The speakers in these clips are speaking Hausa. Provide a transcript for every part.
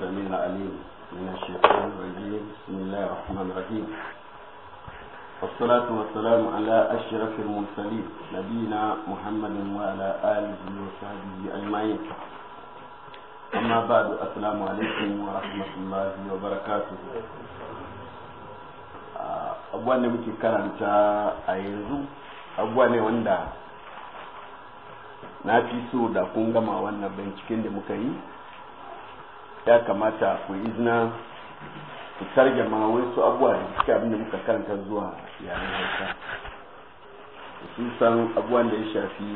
السميع العليم من الشيطان الرجيم بسم الله الرحمن الرحيم والصلاة والسلام على أشرف المرسلين نبينا محمد وعلى آله وصحبه أجمعين أما بعد السلام عليكم ورحمة الله وبركاته abubuwan نبكي muke تا a yanzu abubuwa ne wanda na fi so da kun gama wannan binciken da muka yi ya kamata ku izina ku tarjama wasu abuwa da suke abin da muka karanta zuwa yaren hausa su san da ya shafi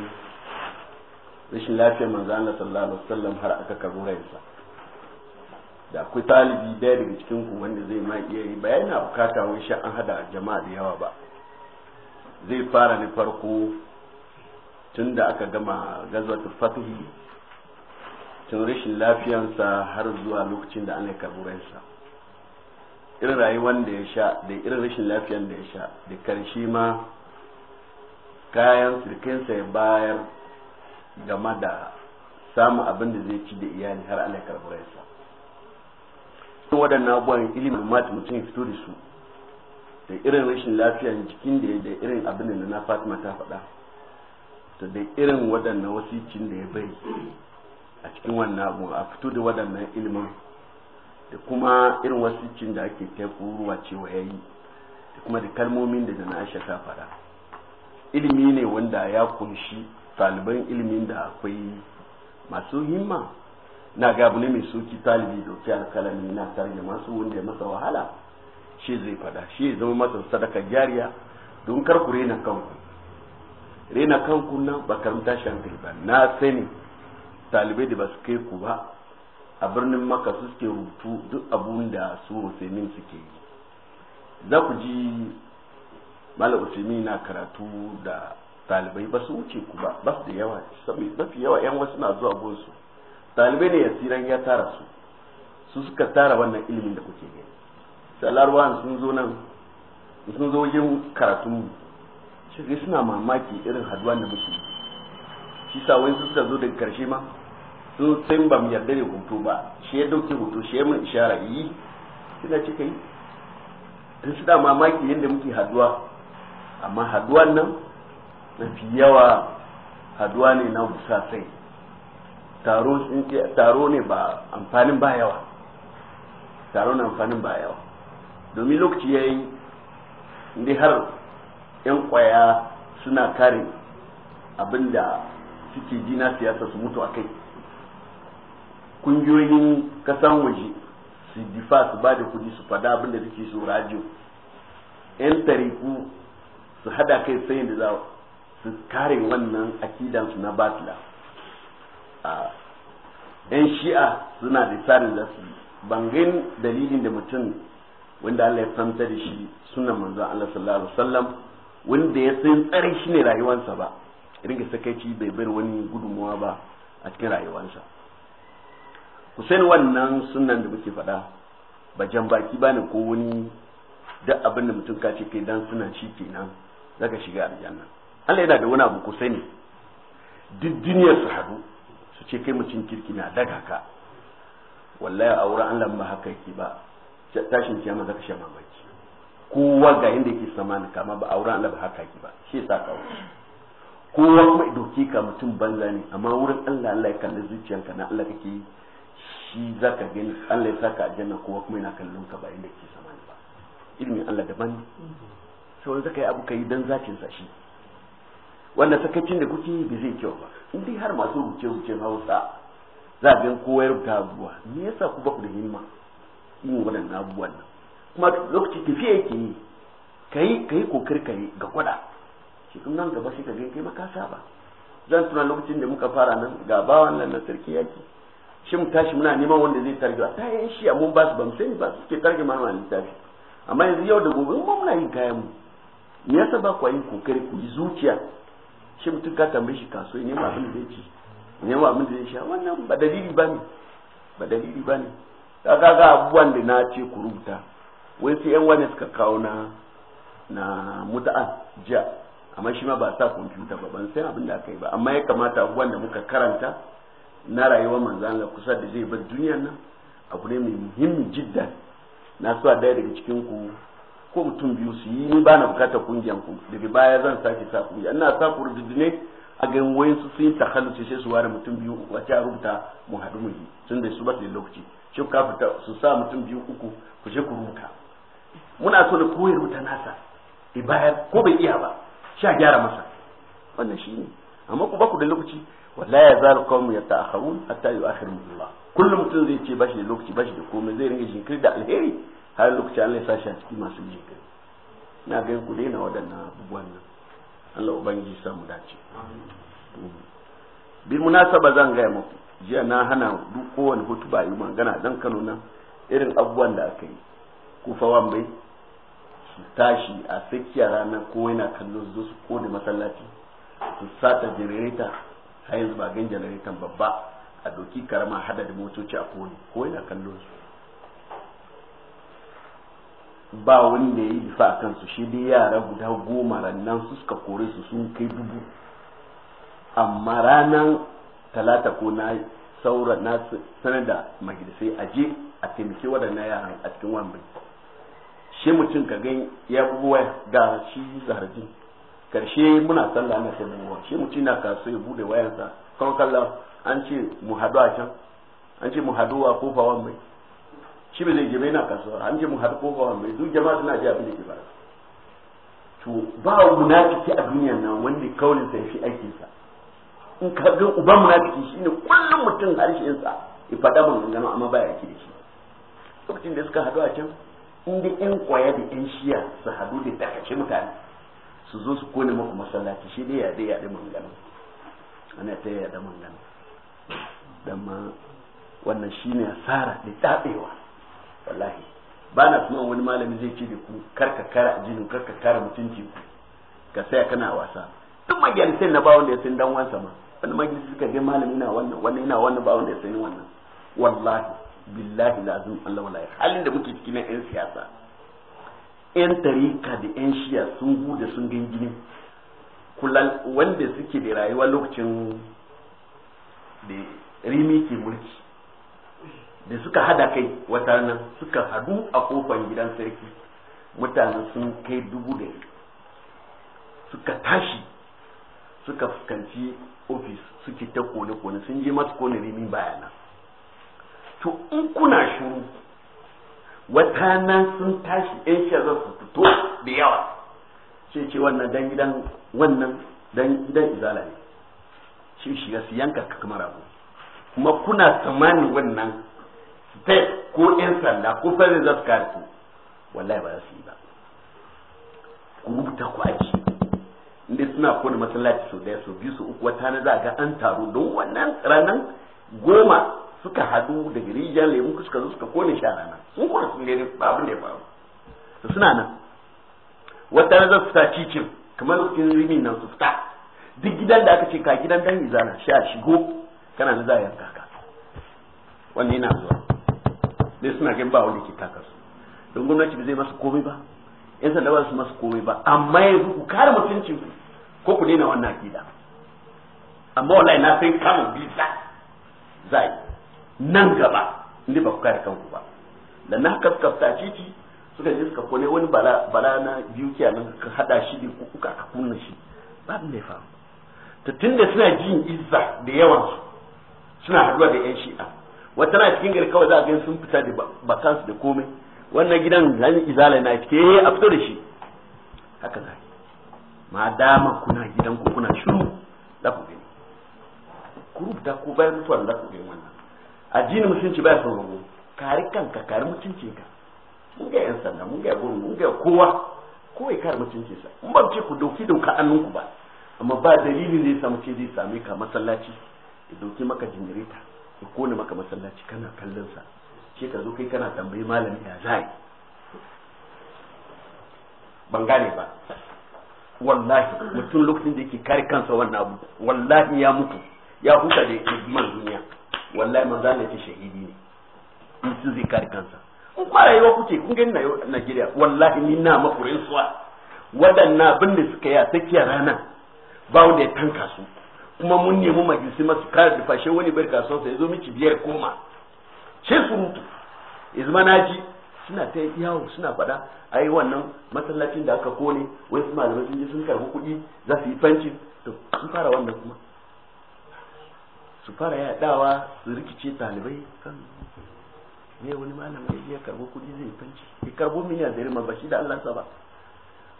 rashin lafiyar manzo Allah sallallahu alaihi wasallam har aka karu ransa da akwai talibi daya daga cikin ku wanda zai ma iya yi bayani yana bukata wai sha an hada jama'a da yawa ba zai fara ne farko tun da aka gama gazwatul fatihi tun rashin lafiyansa har zuwa lokacin da ana karɓi ransa irin rayuwar da ya sha da irin rashin lafiyan da ya sha da karshe ma kayan sirkinsa ya bayar game da samun abin da zai ci da iyali har ana karɓi ransa sun waɗannan abubuwan ilimin mata mutum ya fito da su da irin rashin lafiyan jikin da ya da irin abin da na fatima ta faɗa da irin waɗannan wasicin da ya bai. a cikin wannan abu a fito da waɗannan ilimin da kuma irin wasu da ake kai ruwa cewa ya yi da kuma da kalmomin da da aisha ta fara ilimi ne wanda ya kunshi taliban ilimin da akwai masu himma na ga abu ne mai soki talibi da dauki alkalami na targe masu wanda ya masa wahala shi zai fada shi ya zama masa sadaka jariya don kar ku rena kanku rena kanku nan ba karamta shankali na sani talibai da ba su kai ku ba a birnin maka su suke rubutu duk abun da su musulmin suke yi za ku ji mala usulmi na karatu da talibai ba su wuce ku ba ba su da yawa mafi yawa yan wasu na zuwa gonsu talibai ne yasiran ya tara su su suka tara wannan ilimin da kuke gani salarwa sun zo nan sun zo yin karatu shi suna mamaki irin haduwa da muke shi sa wani suka zo daga karshe ma su sun ba mu yarda da hutu ba shi ya dauke hoto shi ya mun ishara yi kina cika kai tun su da mamaki yadda muke haduwa amma haduwan nan fi yawa haduwa ne na musa sai taro sun ce taro ne ba amfanin ba yawa taro na amfanin ba yawa domin lokaci yayi inda har yan ƙwaya suna kare abinda suke jina siyasa su mutu a kai kungiyoyin kasan waje su difa su ba da kudi su fada abin da suke so radio yan tariku su hada kai sai da za su kare wannan akidan su na batila yan shi'a suna da tsarin da su bangin dalilin da mutum wanda Allah ya santa da shi suna manzon Allah sallallahu alaihi wasallam wanda ya san tsare shi ne rayuwarsa ba ringa sakaici bai bar wani gudunmuwa ba a cikin rayuwarsa ku san wannan sunan da muke faɗa ba jan baki ba ne ko wani duk abin da mutum ka ce kai dan suna shi kenan zaka shiga aljanna Allah yana da wani abu ku sani duk duniyar su hadu su ce kai mutum kirki na daga ka wallahi a wurin Allah ba haka yake ba tashin kiyama zaka sha mamaki kowa ga inda yake sama ne kama ba a wurin Allah ba haka yake ba shi yasa kawo kowa kuma doke ka mutum banza ne amma wurin Allah Allah ya kalli zuciyanka na Allah kake yi shi za ka gani Allah ya saka aljanna kowa kuma yana kallon ka ba inda ke ne ba ilimin Allah daban ne sai zaka yi abu ka yi dan zakin sa shi wannan sakacin da kuke bai zai kyau ba in dai har masu rubuce rubucen Hausa za a gan kowa ya rubuta abubuwa me yasa ku ba ku da himma yin waɗannan abubuwan nan kuma lokaci tafiya yake yi kai kai kokar kai ga kwada shi kun nan gaba sai ka ga kai ba ka saba zan tuna lokacin da muka fara nan ga bawan nan na sarki yake shi mu tashi muna neman wanda zai targewa ta yin shi mun ba su ba mu ba suke targe mana littafi amma yanzu yau da gobe mun muna yin kayan mu me yasa ba ku yin kokari ku yi zuciya shi mutum ka tambaye shi kaso ne ma abin da zai ci ne ma abin da zai sha wannan ba dalili ba ne ba dalili ba ne ka ga abubuwan da na ce ku rubuta wai sai yan wani suka kawo na na muta'an jiya amma shi ma ba sa kwamfuta ba ban san abin da aka yi ba amma ya kamata abubuwan da muka karanta na rayuwar manzo Allah kusa da zai bar duniyar nan abu ne mai muhimmi jiddan na so a daya daga cikin ku ko mutum biyu su yi ni bana bukata kungiyar ku daga baya zan sake sa kungiya ina sa ku ne a ganin wayan su sun halu sai su ware mutum biyu uku a a rubuta mu haɗu mu yi tun da su ba su lokaci shi ka fita su sa mutum biyu uku ku je ku rubuta muna so da koyar rubuta nasa ibaya ko bai iya ba sha gyara masa wannan shi amma ku ba ku da lokaci wala ya zal qawm yata'akhirun hatta yu'akhiru Allah kullum mutum zai ce bashi da lokaci bashi da komai zai ringa jinkiri da alheri har lokaci Allah ya sashi a cikin masu jinkiri na ga ku daina waɗannan abubuwan nan Allah ubangiji sa mu dace bi munasaba zan ga muku jiya na hana duk kowane hutuba yi magana dan Kano na irin abubuwan da aka yi kufawan bai su tashi a sakiya ranar ko yana kallon su zo su kone masallaci su sata generator har yanzu ba gan janaraitan babba a doki karama hada da motoci a kone ko yana kallon su ba wanda ya yi difa a kansu shi dai yara guda goma rannan su suka kore su sun kai dubu amma ranar talata ko na saura na sanar da majalisai a je a taimake waɗannan yaran a cikin wani shi mutum ka gan ya buwa da shi zarajin karshe muna sallah na sai mu shi mutum na kaso ya bude wayansa kan kallon an ce mu hadu a can an ce mu hadu a kofa wan mai shi ba zai je na kasuwa an ce mu hadu kofa wan mai duk jama'a suna ji abin da ke ba to ba munafiki a duniyar nan wanda kaulin sa shi aikin sa in ka ga uban munafiki shine kullum mutum harshen sa ya faɗa maganganu amma baya yake da shi lokacin da suka hadu a can in da ƴan kwaya da ƴan shiya su hadu da takace mutane su zo su kone maku masallaci shi dai ya dai ya dai mangana ana ta ya dama gano, dan ma wannan shine asara da tabewa wallahi ba na tunan wani malami zai ce da ku karka kara jinin karka kara mutunci ku ka saya kana wasa duk majalisai na ba wanda ya san dan wansa ma wani majalisi suka ga malami na wannan wani yana wannan ba wanda ya san wannan wallahi billahi lazim Allah wallahi halin da muke cikin yan siyasa 'yan tarika da 'yan shiya sun bude sun gangini wanda suke da rayuwa lokacin da rimi ke mulki da suka hada kai wata nan suka hadu a kofar gidan sarki mutane sun kai dubu da suka tashi suka fuskanci ofis suke ta kone-kone sun je masu kone rimi bayana to in kuna shuru wata nan sun tashi yan shi zan su fito da yawa shi ce wannan dan gidan wannan dan gidan izala ne shi shiga su yanka ka kamar abu kuma kuna tsammanin wannan state ko yan sanda ko fare za su kare ku wallahi ba za su yi ba ku rubuta ku aji inda suna kone masallaci sau daya sau biyu sau uku wata na za ga an taro don wannan ranar goma suka hadu da rijiyar lemu suka zo suka kone shi a nan sun kone sun gani abin da ya faru to suna nan wata na zan ta cikin kamar cikin rimin nan su fita duk gidan da aka ce ka gidan dan izana shi a shigo kana na za a yanka ka wannan yana zuwa ne suna gan ba wani ke taka su don gwamnati ba zai masa komai ba yan sanda ba su masa komai ba amma yanzu ku kare mutuncin ku ko ku daina wannan akida amma wallahi na sai kamun bisa za yi nan gaba inda ba ku kare kanku ba da na haka suka fita titi suka je suka kone wani bala bala na dukiya nan, ka hada shi da kuka ka kunna shi ba abin da ya faru to tunda suna jin izza da yawan su suna haduwa da yan shi'a wata na cikin gari kawai za a ga sun fita da bakansu da komai wannan gidan zan izala na cike eh, a fito da shi haka za ma dama kuna gidan ku kuna shiru za ku gani ku rubuta ko bayan mutuwar za ku gani wannan addinin musulunci baya son rubu kare kanka kare mutuncin ka mun ga yan sanda mun ga gurin mun ga kowa kowai kare mutuncin sa mun ba ce ku dauki dauka annunku ba amma ba dalilin da ya samu ce zai same ka masallaci ya dauki maka generator ya kone maka masallaci kana kallon sa ce ka zo kai kana tambayi malami ya zai ban gane ba wallahi mutum lokacin da yake kare kansa wannan abu wallahi ya mutu ya huta da man duniya wallahi manzo Allah yake shahidi ne in sun zai kare kansa in ba rayuwa kuke kun gani Najeriya wallahi ni na makurin suwa wadannan abin da suka yi a tsakiyar rana ba wanda ya tanka su kuma mun nemi majalisi masu kare da fashe wani bar kasuwar sa zo miki biyar koma ce su mutu izma naji suna ta yawo suna faɗa ai wannan masallacin da aka kone su malamai sun je sun karbi kuɗi za su yi fanci to sun fara wannan kuma su fara yadawa su rikice talibai kan ne wani malam ya iya karbo kudi zai fanci ya karbo miliyan da ma bashi da Allah ba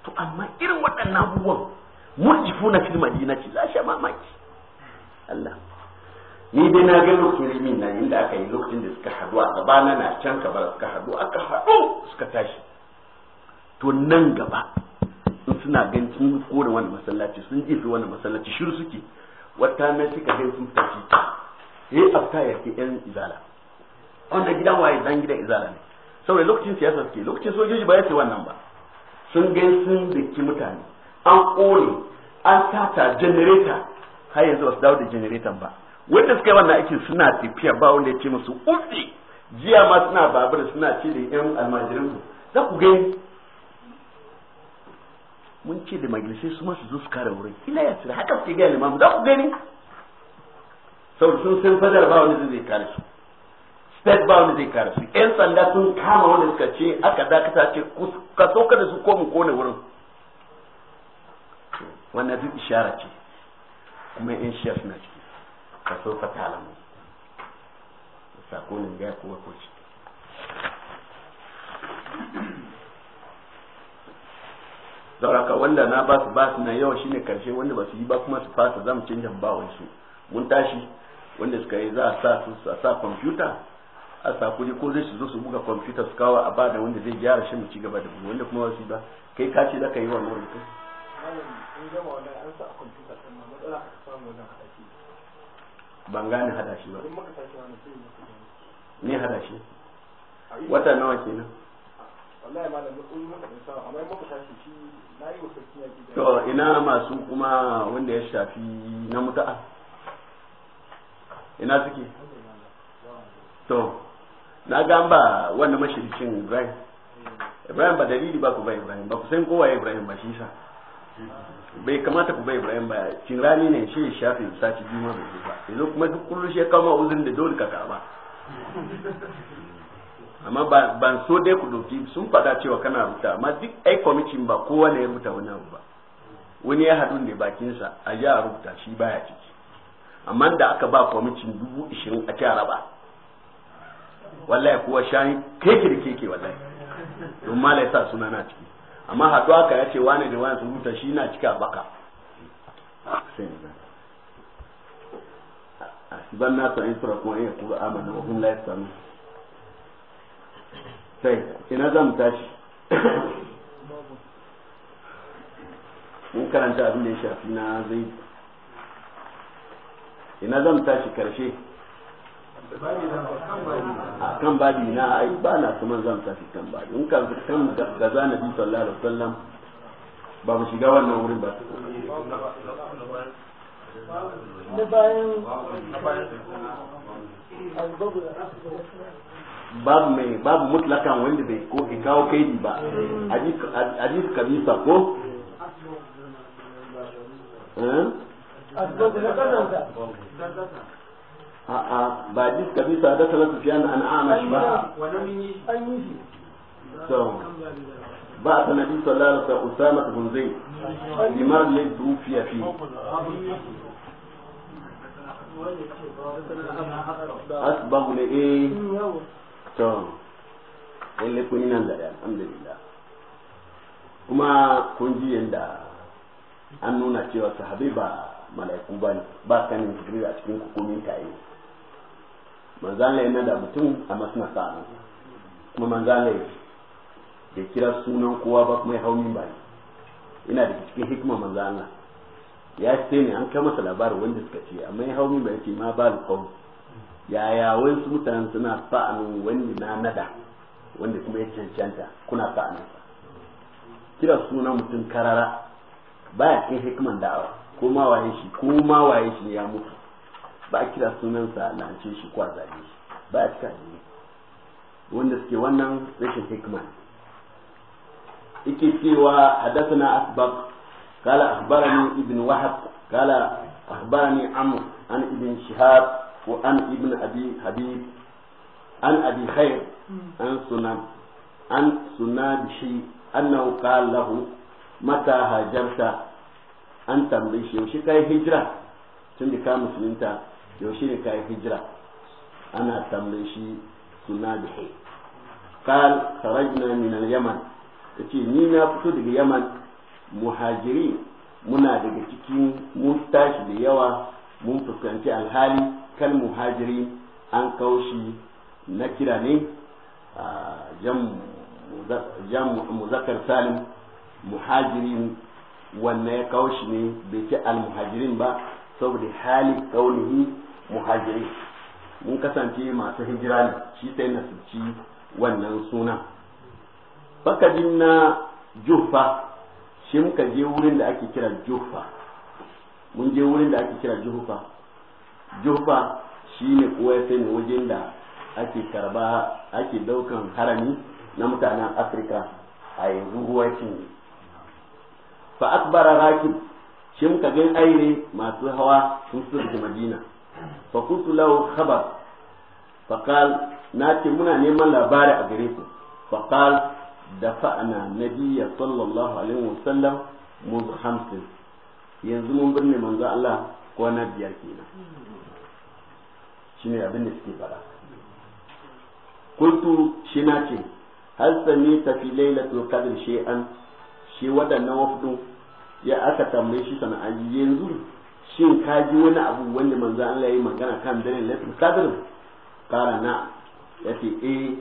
to amma irin waɗannan abubuwan murjifu na fil madinati za lashe mamaki Allah ni dai na ga musulmi na inda aka yi lokacin da suka haɗu a gabana na can kabara suka haɗu aka haɗu suka tashi to nan gaba suna ganin sun kore wani masallaci sun jefe wani masallaci shiru suke wata mai suka kafin sun fita ya yi afta ya ke yan izala wanda gidan waye dan gidan izala ne saboda lokacin siyasa suke lokacin sojoji ba ya ce wannan ba sun gai sun ke mutane an kore an sata janareta har yanzu wasu dawo da generator ba wanda suka yi wannan aikin suna tafiya ba wanda ya ce musu ufi jiya ma suna babur suna ce da yan almajirin za ku gani mun ce da majalisai su masu zo su kare wurin ila ya tsira haka suke gaya limamu za ku gani saboda sun san fadar ba wani zai kare su state ba wani zai kare su yan sanda sun kama wani suka ce aka dakata ce ka sauka da su ko mu kone wurin wannan duk ishara ce kuma yan shiya na ciki ka sauka talamu sakonin gaya kuma ko ciki sauraka wanda na ba su ba su na yawa shine karshe wanda ba su yi ba kuma su fasa zamu canja ba wasu mun tashi wanda suka yi za a sa su a sa kwamfuta a sa kuɗi ko zai su zo su buga kwamfuta su kawo a da wanda zai gyara shi mu ci gaba da bugu wanda kuma yi ba kai ka ce zaka yi wannan rubutu ban gane hada shi ba ni hada shi wata nawa kenan to ina masu kuma wanda ya shafi na muta'a ina suke to na gamba wanda mashirikin Ibrahim Ibrahim ba dalili ba ku bai Ibrahim ba ku san kowa Ibrahim ba shi sa bai kamata ku bai Ibrahim ba cin rani ne shi shafi sati biyu ma bai ba yanzu kuma duk kullum shi ya kama uzun da dole ka ba amma ban so dai ku dauki sun fada cewa kana rubuta amma duk ai kwamitin ba kowa ne ya rubuta wani abu ba wani ya haɗu ne bakinsa a ya a rubuta shi baya ciki amma da aka ba kwamitin dubu ishirin a kyara raba wallahi kuwa shani keke da keke wallahi don ma sa suna na ciki amma hadu aka ya ce wane da wani su rubuta shi na cika baka asiban nasu in sura kuma iya tura amana wa hum la yasamu sai ina zan tashi mun karanta abin da ya shafi na zai ina zan tashi karshe a kan babi na ai ba na kuma zan tashi kan babi in kan za na bi sallallahu alaihi wasallam ba mu shiga wannan wurin ba bayan babu mai babu mutlakan wanda bai ko bai kawo kaidi ba mm. hadis kabisa ko eh? a'a ah, ah, ba hadis kabisa da salatu fiyan an shi ba so بعث النبي صلى الله عليه وسلم أسامة بن زيد لمرض توفي فيه أسبغ لإيه؟ to lalle kun yi nan da alhamdulillah kuma kun ji yadda an nuna cewa sahabi ba mala'ikun ba ba kanin jibril a cikin hukumin tayi manzan yana da mutum a masna sa'a kuma manzan da kira sunan kowa ba kuma ya hau min bani ina da cikin hikima manzan ya ce ne an kai masa labarin wanda suka ce amma ya hau min bani ce ma ba alqawm yaya wai su mutanen suna sa'anin wani na nada wanda kuma ya cancanta kuna sa'anin kira suna mutum karara ba ya kai hikiman da'awa ko ma waye shi ko ma waye shi ya mutu ba a kira sa lance shi ko a zage shi ba a cika jini wanda suke wannan rashin hikima yake cewa hadathana asbab kala akhbarani ibn wahab kala akhbarani amr an ibn shihab وأن ابن أبي حبيب عن أبي خير عن سنان عن سنان شيء أنه قال له متى هاجرت أن تمريش يوشي كاي هجرة تندي كام مسلمتا يوشي كاي هجرة أنا تمريشي سنان شيء قال خرجنا من اليمن yace ni na fito daga yaman muhajiri muna daga cikin mun tashi da yawa mun fuskanci alhali kal muhajiri an kaushi na kira ne jan muzakar salim muhajirin wanne ya kaushi ne bai ce al ba saboda hali kaunihi muhajiri mun kasance masu hijira ne shi sai na ci wannan suna fakadin na jufa shi muka je wurin da ake kira jufa mun je wurin da ake kira jufa jufa shine ne ya wajen da ake karba ake daukan harami na mutanen afirka a yanzu ruwaci ne fa akbara rakib shi muka gan aire masu hawa sun surge madina fa kuntu lau khabar fa na ce muna neman labari a gare ku da fa'ana na nabiyya sallallahu alaihi wasallam mu hamsin yanzu mun binne manzo Allah ko na biyar kenan shine abin da suke faɗa kuntu shi na ce hal sami tafi to qadr shay'an shi waɗannan wafdu ya aka tambaye shi sana'aji yanzu shin ka ji wani abu wanda manzo Allah layi magana kan dare lailatul qadr ƙara na yace eh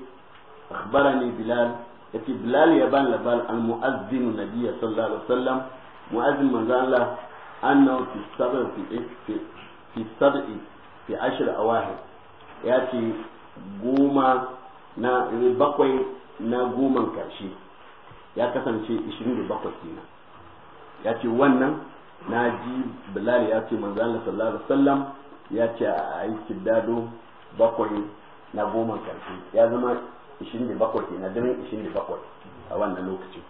akhbarani bilal yace bilal ya ban labar al muazzin nabiyyi sallallahu alaihi wasallam muazzin manzo Allah annahu fi sabr fi fi fi ashir awahir ya ce goma na bakwai na goman karshe ya kasance 27 kenan ya ce wannan na ji bilal ya ce manzan sallallahu alaihi wasallam ya ce a yi dado bakwai na goma karshe ya zama 27 kenan daren 27 a wannan lokacin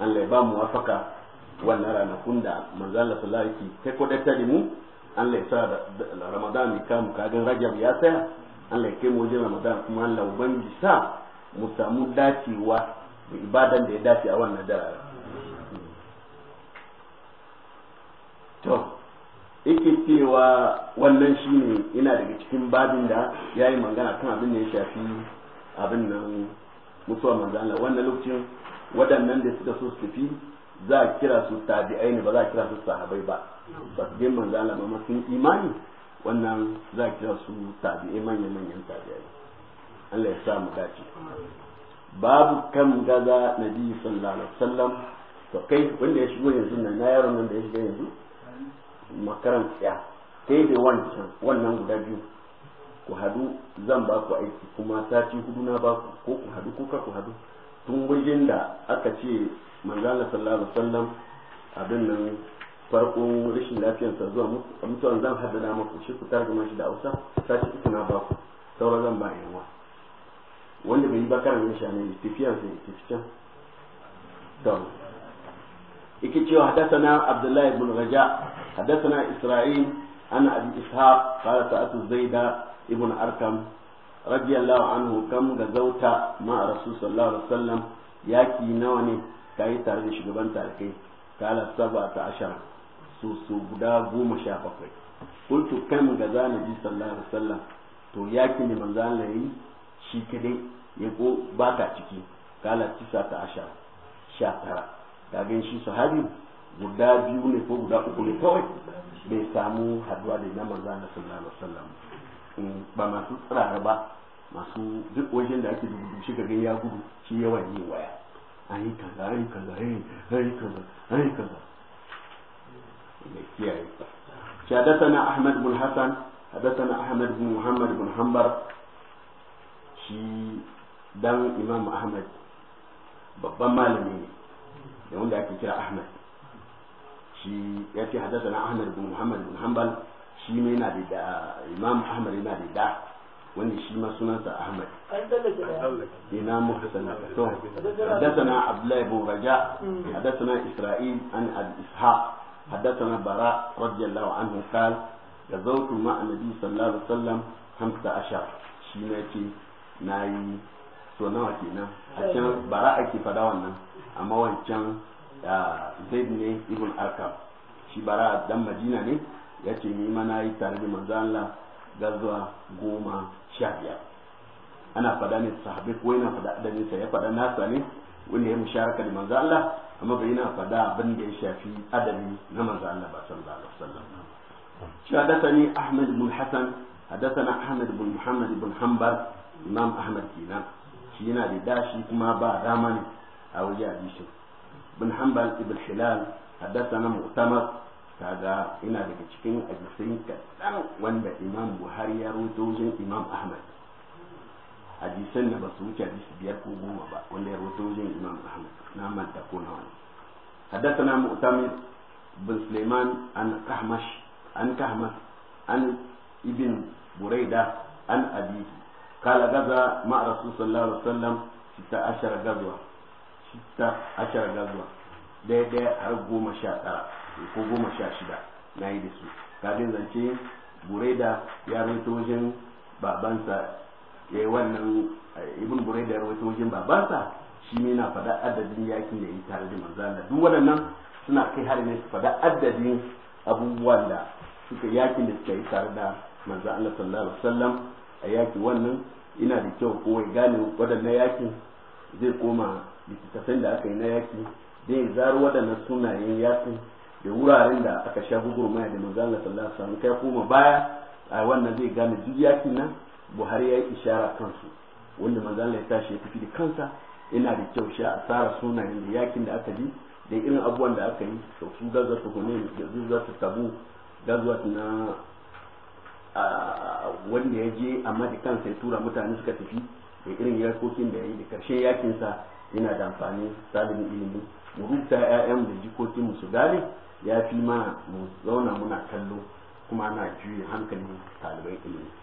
Allah ya ba mu wafaka wannan ranakun da manzan sallallahu alaihi wasallam ke kodata da mu Allah ya sa da Ramadan ya kamu kagan Rajab ya tsaya Allah ya kai mu wajen Ramadan kuma Allah ubangi sa mu samu dacewa da ibadan da ya dace a wannan dara to yake cewa wannan shine ina daga cikin babin da ya yi magana kan abin da ya shafi abin nan mutuwa manzo Allah wannan lokacin waɗannan da suka so su tafi za a kira su tabi'ai ne ba za a kira su sahabai ba ba manzo Allah ba sun imani wannan za ki su tabi'i manyan manyan tabi'ai Allah ya sa mu dace babu kam gaza nabi sallallahu alaihi wasallam to kai wanda ya shigo yanzu nan na yaron nan da ya shigo yanzu makaran tsaya kai da wancan wannan guda biyu ku hadu zan ba ku aiki kuma sati hudu na ba ku ko ku hadu ko ka ku hadu tun wajen da aka ce manzo Allah sallallahu alaihi wasallam abin nan farkon rashin lafiyarsa zuwa mutuwan zan haddada muku shi ku tarjuma shi da hausa ta uku na ba ku sauran zan ba yawa wanda bai yi ba karan shi ne tafiyar sai tafi can to yake cewa hadathana abdullahi ibn raja hadathana isra'il ana abi ishaq qala sa'atu zaida ibn arkam radiyallahu anhu kam zauta ma rasul sallallahu alaihi wasallam yaki nawa ne kai tare da shugaban talikai kala sabata ashara su su guda goma sha bakwai kuntu kan ga zana ji sallallahu alaihi wasallam to yakin ne manzo Allah yi shi kadai ya ko ba ka ciki kala tisa ta asha sha tara gan shi sahabi guda biyu ne ko guda uku ne kawai bai samu haduwa da na manzo Allah sallallahu alaihi wasallam ba masu tsirara ba masu duk wajen da ake dubu shi kaga ya gudu shi yawan yi waya ayi kaza ayi kaza ayi kaza ayi kaza mai kiyaye shi hadathana ahmad bin hasan hadathana ahmad bin muhammad bin hanbal shi dan imam ahmad babban malami ne da wanda ake kira ahmad shi ya ce hadathana ahmad bin muhammad bin hanbal shi ne yana da imam ahmad yana da da wanda shi ma sunansa ahmad ina muhsana to hadathana Abdullahi bin raja hmm. hadathana isra'il an al-ishaq حدثنا براء رضي الله عنه قال غزوت مع النبي صلى الله عليه وسلم خمسة عشر شيناتي ناي so nawa kenan a can bara ake fada wannan amma wancan zaid ne ibn arkam shi bara dan madina ne ya ce ni ma na yi tare da manzo Allah gazuwa goma sha biyar ana fada ne sahabi ko yana fada adadin sa ya fada nasa ne wanda ya musharaka da manzo Allah amma bai yana fada abin da ya shafi adabi na manzo Allah ba sallallahu alaihi wasallam shi hadathani Ahmad ibn Hasan hadathana Ahmad ibn Muhammad ibn Hanbal Imam Ahmad kenan shi yana da dashi kuma ba dama ne a waje hadisi ibn Hanbal ibn Hilal hadathana Mu'tamar kaga ina daga cikin hadisin kadan wanda Imam Buhari ya rawaito wajen Imam Ahmad hadisan da ba su wuce hadisi biyar ko goma ba wanda ya rawaito wajen Imam Ahmad na manta ko na wani حدثنا مؤتمر بن سليمان عن كهمش عن كهمش عن ابن بريدة عن أبيه قال غزا مع رسول صلى الله عليه وسلم ستة عشر غزوة ستة عشر غزوة دي دي goma sha tara ko goma sha shida na yi da su kadin zance bureda ya rawaito wajen bureda ya rawaito wajen babansa shi na fada adadin yakin da yi tare da manzo duk waɗannan suna kai hari ne su faɗa adadin abubuwan da suka yakin da suka yi tare da manzo Allah sallallahu alaihi a yaki wannan ina da kyau ko ya gane waɗannan yakin zai koma littattafan da aka yi na yaki zai zaro waɗannan sunayen yakin da wuraren da aka sha gugurmaya da manzo Allah sallallahu alaihi kai koma baya a wannan zai gane duk yakin nan Buhari ya yi ishara kansu wanda manzo Allah ya tashi ya tafi da kansa ina da kyau sha a tsara sunayen da yakin da aka yi da irin abubuwan da aka yi to su gazuwa su hune gazuwa su tabu gazuwa na wanda ya je amma da kansa ya tura mutane suka tafi da irin yarkokin da ya yi da karshen yakinsa yana da amfani salibin ilimi mu rubuta 'ya'yan da jikokin mu su gane ya fi mana mu zauna muna kallo kuma ana juya hankalin talibai ilimi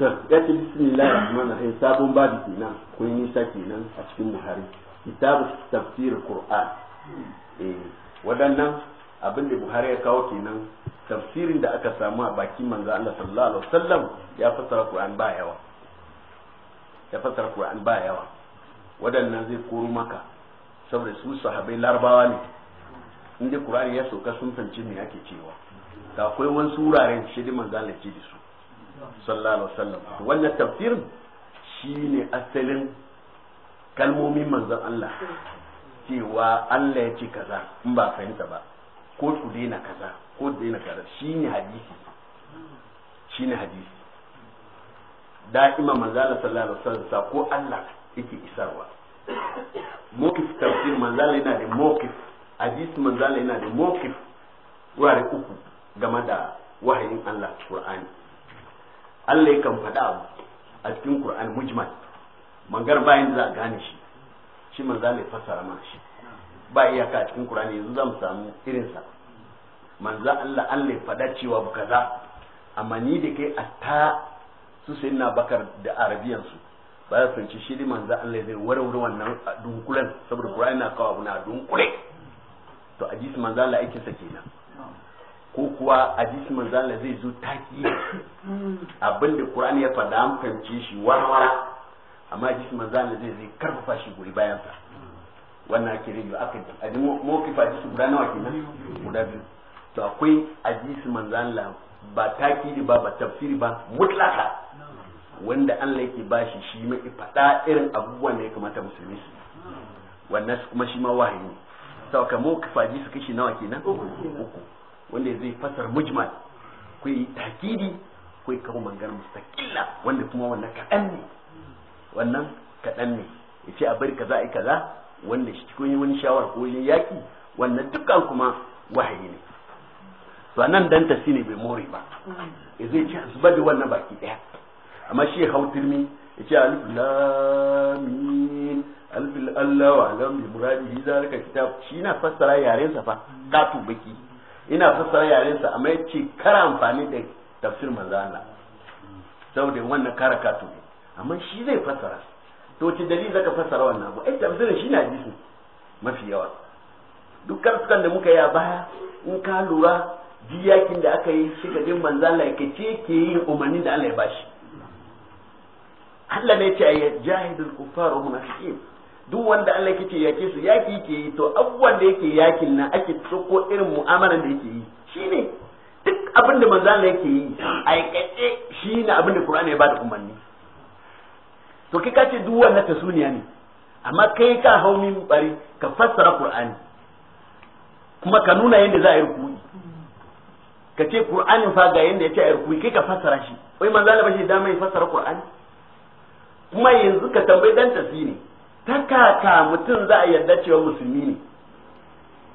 ya ce bismillahir rahmanir rahim sabon babu kenan ko nisa kenan a cikin muhari kitabu tafsir qur'an eh wadannan abin da buhari ya kawo kenan tafsirin da aka samu a bakin manzo Allah sallallahu alaihi wasallam ya fassara qur'an ba yawa ya fassara qur'an ba yawa wadannan zai koro maka saboda su sahabbai larabawa ne inda qur'ani ya soka sun fanci me yake cewa da akwai wani suraren shi da manzo Allah ce da su sallallahu alaihi wasallam wannan tafsirin shine asalin kalmomin manzon Allah cewa Allah ya ce kaza in ba fahimta ba ko ku daina kaza ko daina kaza shine hadisi shine hadisi da'ima manzon Allah sallallahu alaihi wasallam ko Allah yake isarwa mokif tafsir manzala yana da mokif hadis manzala yana da mokif wa uku game da wahayin Allah Qur'ani Allah yakan faɗa abu a cikin Qur'an mujmal mangar bayan za a gane shi shi manzo Allah ya fassara mana shi ba iyaka a cikin Qur'ani yanzu zamu samu irin sa manzo Allah Allah ya faɗa cewa bu kaza amma ni da kai atta su sai na bakar da arabiyan su ba ya su shi da manzo Allah zai warware wannan dunkulen saboda Qur'ani na kawo abu na dunkule to a jisi manzo Allah sake kenan ko kuwa hadisi manzala zai zo taki abinda Qur'an ya faɗa an fahimce shi warwara amma hadisi manzala zai zai karfafa shi guri bayan sa wannan ake rage aka aji fa hadisi guda nawa kenan guda biyu to akwai hadisi manzala ba taki ba ba tafsiri ba mutlaka wanda Allah yake bashi shi mai faɗa irin abubuwan da ya kamata musulmi su wannan kuma shi ma wahayi ne saboda fa hadisi kashi nawa kenan uku wanda zai fasar mujmal ku yi takidi ku yi kawo mangar mustaqilla wanda kuma wannan kaɗan ne wannan kaɗan ne ya ce a bari kaza a yi kaza wanda shi cikin wani shawar ko wani yaki wannan dukkan kuma wahayi ne to nan dan ta ne bai more ba ya zai ce su bada wannan baki daya amma shi hau turmi ya ce alif lamin alif allah wa alam bi muradi zalika kitab shi na fassara yaren sa fa katu baki ina fassara sa amma yace kar kara amfani da tafsir manzo Allah saboda wannan kara ne amma shi zai fassara to ki dalili zaka fassara wannan abu ai tafsirin shi na jisu mafi yawa duk karsukan da muka yi a baya in ka lura diyakin da aka yi shi ga manzo Allah yake ce ke yin umarni da Allah ya bashi Allah ne ya ce ayyajahidul kuffar wa munafiqin duk wanda Allah yake yake su yaki yake yi to abubuwan da yake yakin nan ake tsoko irin mu'amalan da yake yi shine duk abin da manzo Allah yake yi aikace shine abin da Qur'ani ya bada umarni to kai ka ce duk wannan tasuniya ne amma kai ka hau min bari ka fassara Qur'ani kuma ka nuna yadda za a yi rukuni ka ce Qur'anin fa ga yadda ya ce a yi rukuni kai ka fassara shi wai manzo Allah ba shi da mai fassara Qur'ani kuma yanzu ka tambayi dan tasiri ne ta kaka mutum za a yarda cewa musulmi ne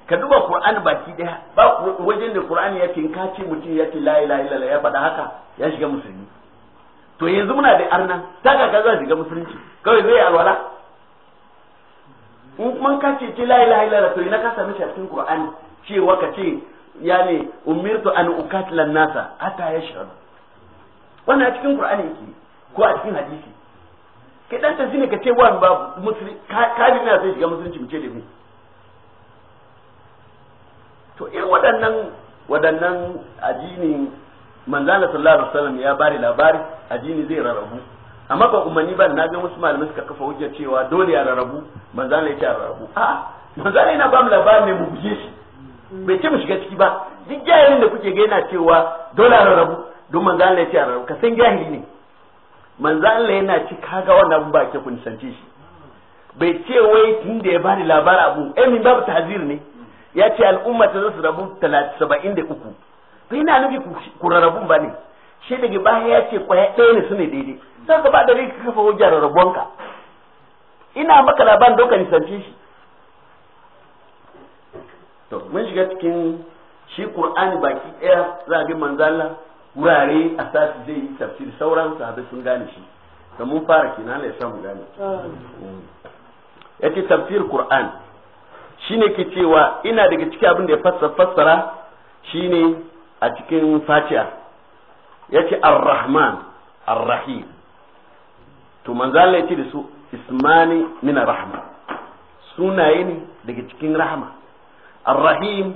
ka duba qur'ani baki daya ba wajen da qur'ani ya tinka ce mutum ya ce la ilaha illallah ya faɗa haka ya shiga musulmi to yanzu muna da arna ta kaka za shiga musulunci kawai zai alwala in kuma ka ce ce la ilaha illallah to ina ka sami cikin qur'ani cewa kace ce ya ne umirtu an ukatila nasa hatta yashhadu wannan a cikin qur'ani yake ko a cikin hadisi kai dan ta zina ka ce wani ba musulmi kadi na sai shiga musulunci mu ce da mu to irin waɗannan waɗannan addini manzana sallallahu alaihi wasallam ya bari labari addini zai rarrabu amma ba umarni ba na ga wasu malamai suka kafa hujjar cewa dole ya rarrabu manzana ya ce rarrabu a manzana yana ba mu labari ne mu buje shi bai ce mu shiga ciki ba duk jahilin da kuke ga yana cewa dole a rarrabu don manzana ya ce rarrabu ka san jahili ne manzo Allah yana ci kaga wannan abun ba ke kun sance shi bai ce wai tun da ya bani labara abu eh min babu tahzir ne ya ce al'umma ta zasu rabu 73 to yana nufi ku rarabun ba ne shi daga baya ya ce kwaya ɗaya ne su ne daidai sai ka ba da rika kafa hujjar rarrabuwanka ina maka labarin don ka nisance shi to mun shiga cikin shi qur'ani baki ɗaya za a bi manzala wurare a sati zai yi tafsir sauran sahabi sun gane shi da mun fara kina ne sa mu gane yace tafsir Qur'an shine ke cewa ina daga cikin abin da ya fassara fassara shine a cikin Fatiha yace Ar-Rahman to manzo Allah yace da su ismani min rahma sunaye ne daga cikin rahma Ar-Rahim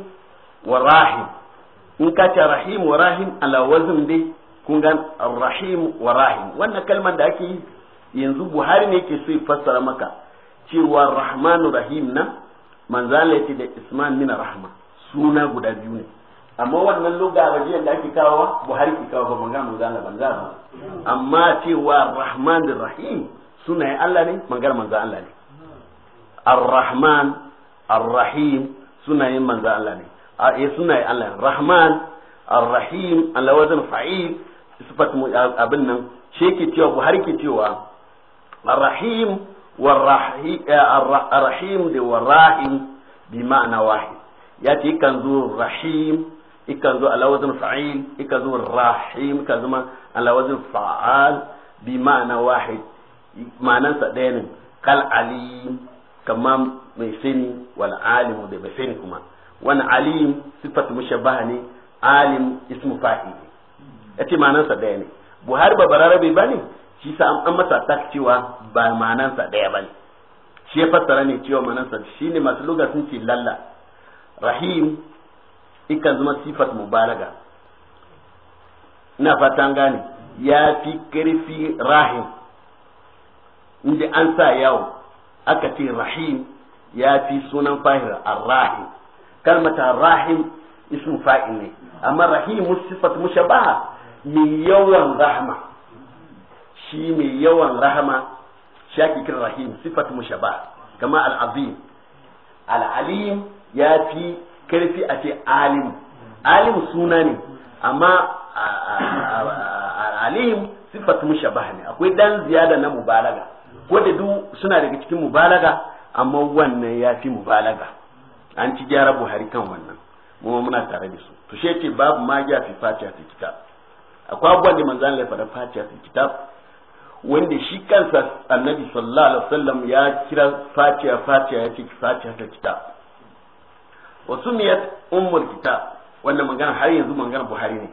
in ka ce rahim wa rahim ala wazin dai kun gan rahim wa rahim wannan kalmar da ake yi yanzu buhari ne ke so fassara maka cewa rahmanu rahim na manzala yake da isman mina rahma suna guda biyu ne amma wannan luga arabiyan da ake kawo buhari ke kawo ban ga manzala ban ba amma cewa rahman rahim suna sunayen Allah ne mangar manza Allah ne ar-rahman ar-rahim suna yin manza Allah ne a ya sunaye Allah rahman ar-rahim Allah wazan fa'il sifat abin nan shi ke cewa har ke cewa ar-rahim eh, ar-rahim da warahim bi ma'ana wahid ya ce kan zo rahim ikan zo Allah wazan fa'il ikan zo rahim ka zama Allah wazan fa'al bi ma'ana wahid ma'anansa ɗaya ne kal alim kamar mai sani wal alimu da bai sani kuma wani alim sifat mushabaha ne alim ismu fa'il yace manansa daya ne buhari ba bararabe bane shi sa an masa tak cewa ba manansa daya bane shi ya fassara ne cewa manansa shine masu luga sun ce lalla rahim ikan zama sifat mubalaga ina fata an gane ya fi karfi rahim inda an sa yawo aka ce rahim ya fi sunan fahir ar-rahim kalmata rahim ismu fa'il ne amma rahim sifat mushabaha mai yawan rahma shi mai yawan rahama shi ake kira rahim sifat mushabaha kama al'azim al'alim ya fi karfi a ce alim alim suna ne amma al'alim sifat mushabaha ne akwai dan ziyada na mubalaga ko da duk suna daga cikin mubalaga amma wannan ya fi mubalaga an ci gyara buhari kan wannan mu muna tare da su to shi yake babu magiya fi fatiha fi kitab akwai abubuwan da manzan Allah faɗa fatiha fi kitab wanda shi kansa annabi sallallahu alaihi wasallam ya kira fatiha fatiha yace fatiha ta kitab wa sumiyat ummul kitab wannan magana har yanzu magana buhari ne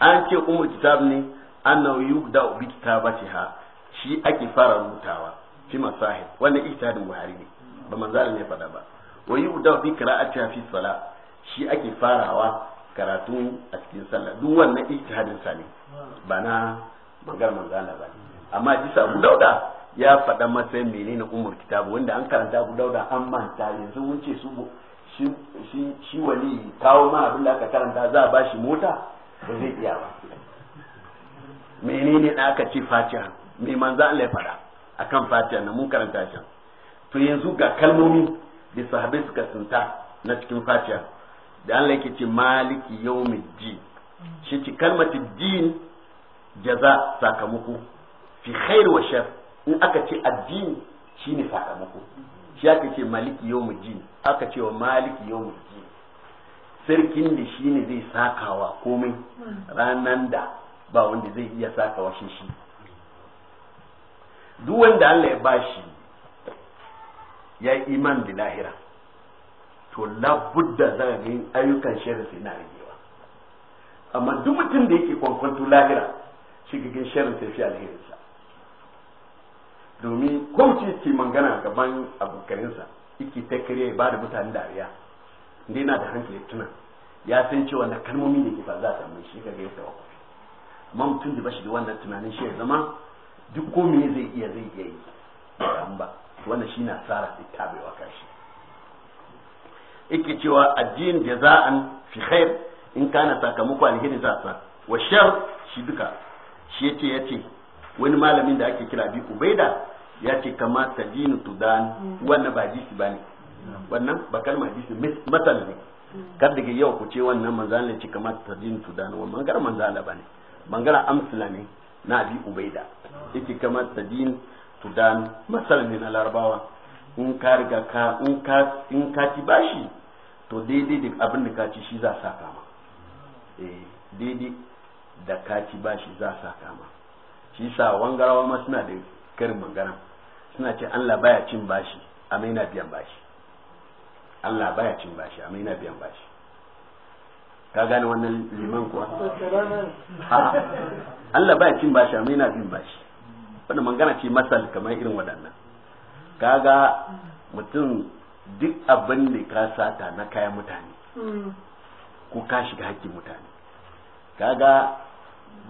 an ce ummul kitab ne annahu yubda bi kitabatiha shi ake fara rubutawa fi masahib wannan ijtihadin buhari ne ba manzan Allah ne faɗa ba wa yu'da bi qira'ati fi salat shi ake farawa karatu a cikin sallah duk wannan ijtihadin sa ne ba na bangar manzo Allah ba amma jisa Abu Dauda ya faɗa matsayin menene umar kitabu wanda an karanta Abu Dauda an manta yanzu mun ce su shi shi wali kawo ma abin da aka karanta za a bashi mota ba zai iya ba menene da aka ce fatiha me manzo Allah ya faɗa akan fatiha na mun karanta shi to yanzu ga kalmomi da sahabai suka sunta na cikin fatiha da Allah yake ce maliki yawmiddin shi ce kalmatu din jaza sakamako fi khair wa shar in aka ce addini shine sakamako shi aka ce maliki yawmiddin aka ce wa maliki yawmiddin sarkin da shi ne zai sakawa komai ranan da ba wanda zai iya sakawa shi shi duk wanda Allah ya bashi ya yi iman da lahira to labudda za a ayyukan shirin sai na rigewa amma duk mutum da yake kwankwanto lahira shi gigin shirin sai fi alherinsa domin kwanci ke mangana gaban abokaninsa yake ta kare ya da mutane dariya inda yana da hankali tuna ya san cewa na kalmomi da ke faza a samu shi ga amma mutum da bashi da wannan tunanin shi zama duk ko me zai iya zai iya yi ba wannan shi na tsara sai tabewa kashi yake cewa addin jaza'an fi khair in kana sakamako alheri za sa wa shar shi duka shi yace yace wani malamin da ake kira bi ubaida ya ce kama tadinu tudan wannan ba ba bane wannan ba kalma jisi matal ne kar daga yau ku ce wannan manzan ne ce kama tadinu tudan wannan gar manzan bane bangaren amsila ne na bi ubaida yake kama tadinu sudan masal ne na larabawa in ka riga ka in ka ci bashi to daidai da abin da ka ci shi za sa kama eh daidai da ka ci bashi za sa kama shi sa wangarawa ma suna da karin magana suna ce Allah baya cin bashi amma na biyan bashi Allah baya cin bashi amma na biyan bashi ka gane wannan liman kuwa Allah baya cin bashi amma na biyan bashi wanda magana ce masal kamar irin waɗannan kaga mutum duk abin da ka sata na kayan mutane hmm. ko ka shiga hakkin mutane kaga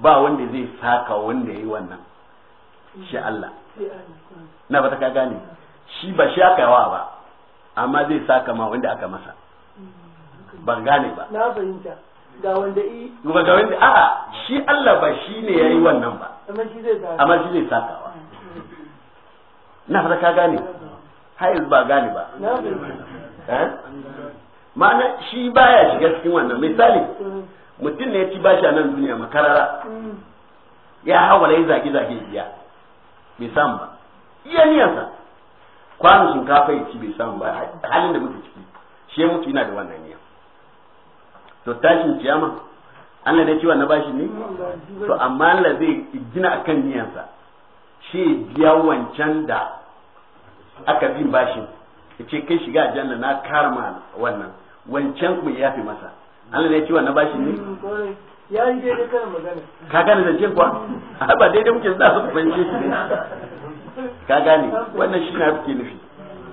ba wanda zai saka wanda ya yi wannan shi Allah hmm. na ba ta ka gane shi ba shi aka yawa ba amma zai saka ma wanda aka masa hmm. ban gane ba na fahimta ga wanda i ga ga wanda a'a shi Allah ba shi ne yayi wannan ba amma shi zai saka amma shi zai saka wa na fara ka gane har ba gane ba eh? ma'ana shi baya shiga cikin wannan misali mm. mutum ne ya ci bashi a nan duniya makarara mm. ya hawala ya zage zage biya bai samu ba iya niyansa Kwanu shinkafa ya ci bai samu ba halin da muke ciki shi ya mutu yana da wannan niyan to tashin kiyama Allah dai cewa na bashi ne to amma Allah zai gina akan niyansa shi biya wancan da aka bin bashin yace kai shiga janna na karma wannan wancan kuma ya fi masa Allah dai cewa na bashi ne mm, ya yi daidai kan magana ka gane zance kuwa ba daidai muke zuwa su fahimce shi ka gane wannan shi na fi nufi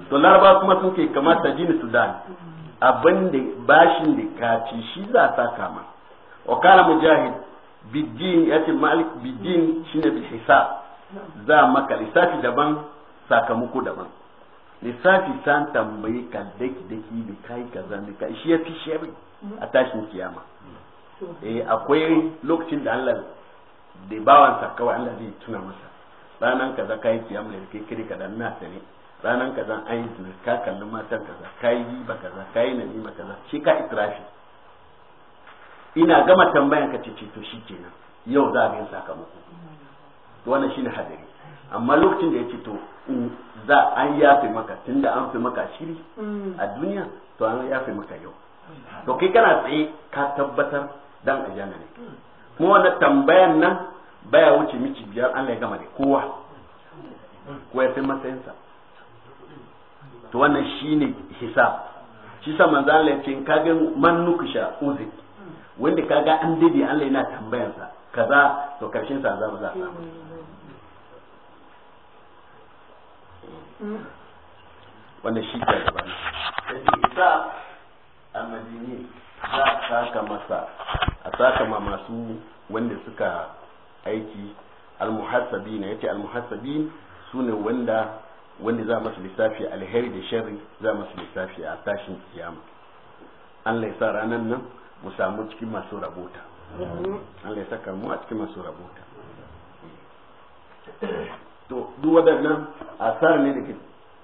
to laraba kuma sun ke kamata jini sudan abin da bashin da kaci shi za ta kama wa kana mujahid bidin ya ce malik shi ne bi hisab za maka lissafi daban sakamako daban lissafi san tambayi ka daki daki da kai ka bi ka shi ya fi shari a tashin kiyama e akwai lokacin da Allah da bawansa kawai Allah zai tuna masa ka kaza yi kiyama da kai ka kadan na sani ranan kaza an yi zina ka kalli matan kaza ka yi ba kaza ka yi nanima kaza shi ka itirafi ina gama tambayan ka cece to shi kenan yau za a yin sakamako wannan shine hadari amma lokacin da ya ce to za an fi maka tunda an fi maka shiri a duniya to an fi maka yau to kai kana tsaye ka tabbatar dan ajana ne kuma wannan tambayan nan baya wuce miki biyar Allah ya gama da kowa ko ya sai matsayinsa to wannan shine hisab shi sa manzo Allah ya ce kaga man nukusha uzi wanda kaga an dade Allah yana tambayan sa kaza to karshen sa za mu za samu wannan shi ke da bani hisab a madini za a saka masa a saka ma masu wanda suka aiki al-muhassabin yace al-muhassabin sune wanda wanda za masa lissafi alheri da sharri za masa lissafi a tashin kiyama Allah ya sa ranar nan mu samu cikin masu rabota Allah ya saka mu a cikin masu rabota to duk waɗannan asar ne da ke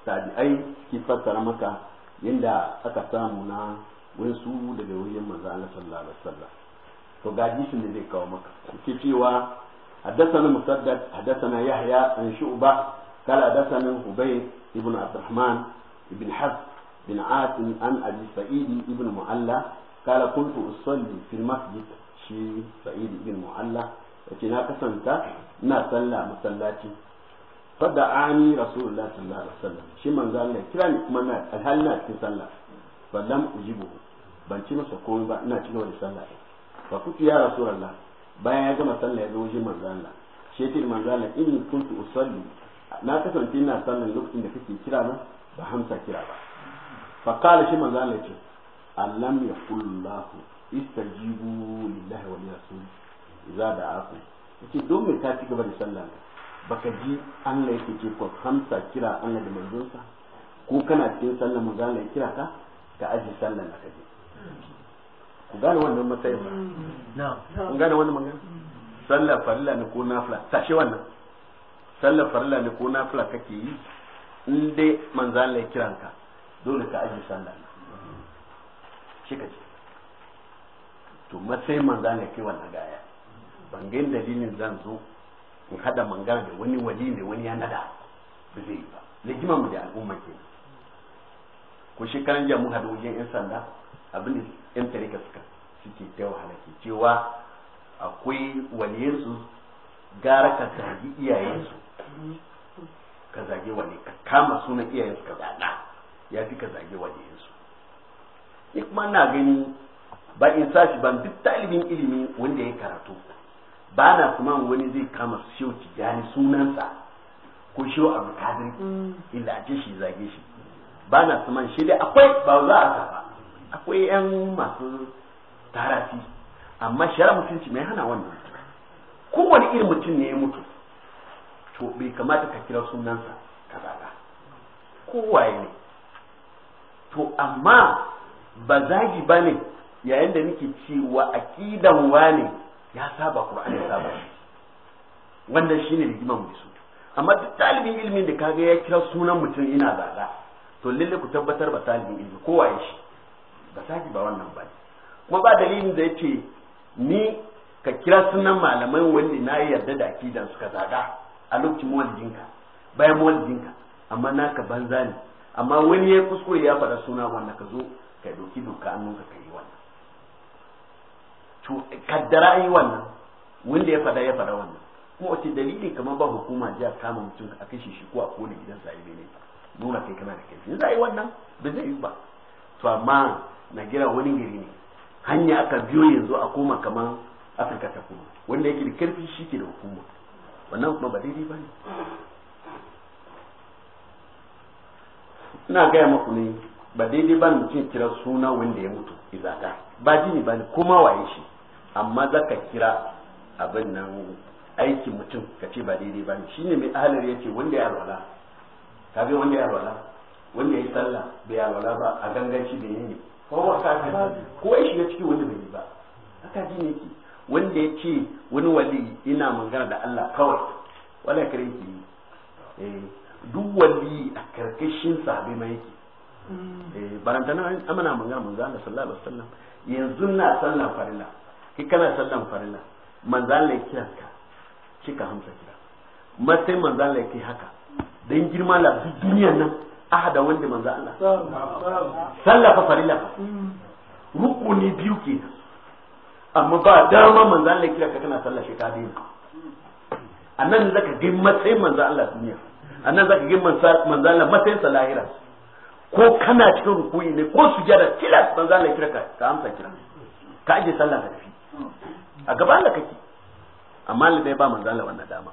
tabi'ai ke fassara maka yadda aka samu na wani su daga wurin manzo Allah sallallahu alaihi wasallam to ga hadisin da zai kawo maka ke cewa na حدثنا مسدد na يحيى عن شعبة قال حدثنا حبيب ابن عبد الرحمن بن حفص بن عاصم عن ابي سعيد بن معلى قال كنت اصلي في المسجد شي سعيد بن معلى yace na kasanta ina sallah masallaci fada ani rasulullah sallallahu alaihi kira ni kuma alhal na cikin sallah wallam ban ci masa komai ba ina cikin wani sallah fa kuti ya rasulullah bayan ya gama sallah ya zo wajen manzo Allah shi manzo Allah in kuntu usalli na kasance ina sallan lokacin da kake kira na ba hamsa kira ba fa qala shi manzo Allah ce allam yaqul Allah istajibu lillahi wa lirasul idza da'akum yace don me ka ci gaba da ka baka ji Allah yake ce ko hamsa kira Allah da manzonsa ko kana cikin sallan manzo Allah ya kira ka ka aje sallan ka je ku gane wannan matsayin ba mm. na'am ku gane wannan magana sallah farilla ne ko nafila tashi wannan sallar farilla ne ko nafila kake yi in dai manzo Allah ya kiran ka dole ka aje sallar shi kace to matsayin manzo Allah ke wannan gaya ban ga dalilin zan zo in hada mangana da wani wali ne wani ya nada ba zai yi ba ligima mu da al'umma ke ko shekaran jamu hada wajen yan sanda abin da yan tarika suka suke ta wahala ke cewa akwai waliyansu gara ka tagi iyayensu ka zage wane ka kama sunan iyayen ka zaga ya fi ka zage waliyin su ni kuma na gani ba in sashi ban duk talibin ilimi wanda ya karatu ba na kuma wani zai kama shiwu tijani sunansa ko shiwu abu kadir mm. illa ce shi zage shi ba na kuma shi dai akwai ba za a ba akwai yan masu tarafi amma shara mutunci mai hana wannan kowane irin mutum ne ya mutu to bai kamata ka kira sunansa ka zaga kowaye ne to amma ba zagi ba ne yayin da nake cewa aqidan ne ya saba qur'ani ya saba wannan shine rigimar mai su amma duk talibin ilimin da kaga ya kira sunan mutum ina zaza, to lalle ku tabbatar ba talibin ilimi kowaye shi ba zagi ba wannan ba ne. kuma ba dalilin da yace ni ka kira sunan malaman wanda na yarda da akidan suka zaga a lokacin mawalidinka bayan mawalidinka amma naka banza ne amma wani ya kuskure ya faɗa suna wanda ka zo ka doki doka annunka ka yi wannan to kaddara yi wannan wanda ya faɗa ya faɗa wannan kuma wace dalili kamar ba hukuma jiya kama mutum a kashe shi ko a kone gidan sa yi ne nuna kai kana da kai za a yi wannan ba zai yi ba to amma na gira wani gari ne hanya aka biyo yanzu a koma kamar afirka ta kuma wanda yake da karfi shi ke da hukuma wannan kuma ba daidai ba ne ina gaya maku ne ba daidai ba mutum kira suna wanda ya mutu izaka ba jini ba ne kuma waye shi amma za ka kira abin nan aiki mutum ka ce ba daidai ba ne shi ne mai ahalar ya ce wanda ya alwala ka bi wanda ya alwala wanda ya yi sallah bai alwala ba a ganganci shi da ne ko wa ka ko ya shiga ciki wanda bai yi ba haka ne yake wanda ya ce wani wali ina magana da Allah kawai wala kare ki eh, duk wali a karkashin sahabi mai yake mm. eh, barantana amana magana manzo Allah sallallahu alaihi wasallam yanzu na sallan farilla kai kana sallan farilla manzo Allah ya kira ka cika hamsa kira ma sai manzo Allah ya kai haka dan girma la duniyar nan ahada wanda manzo Allah sallafa farilla mm. rukuni biyu kenan amma ba dama manzo Allah kira ka kana sallah shi ka daina annan zaka gin matsayin manzo Allah duniya annan zaka gin manzo Allah matsayin sa lahira ko kana cikin rukuyi ne ko sujada tilas manzo Allah kira ka ka amsa kira ka aje sallah ka tafi a gaba Allah kake amma Allah bai ba manzo Allah wannan dama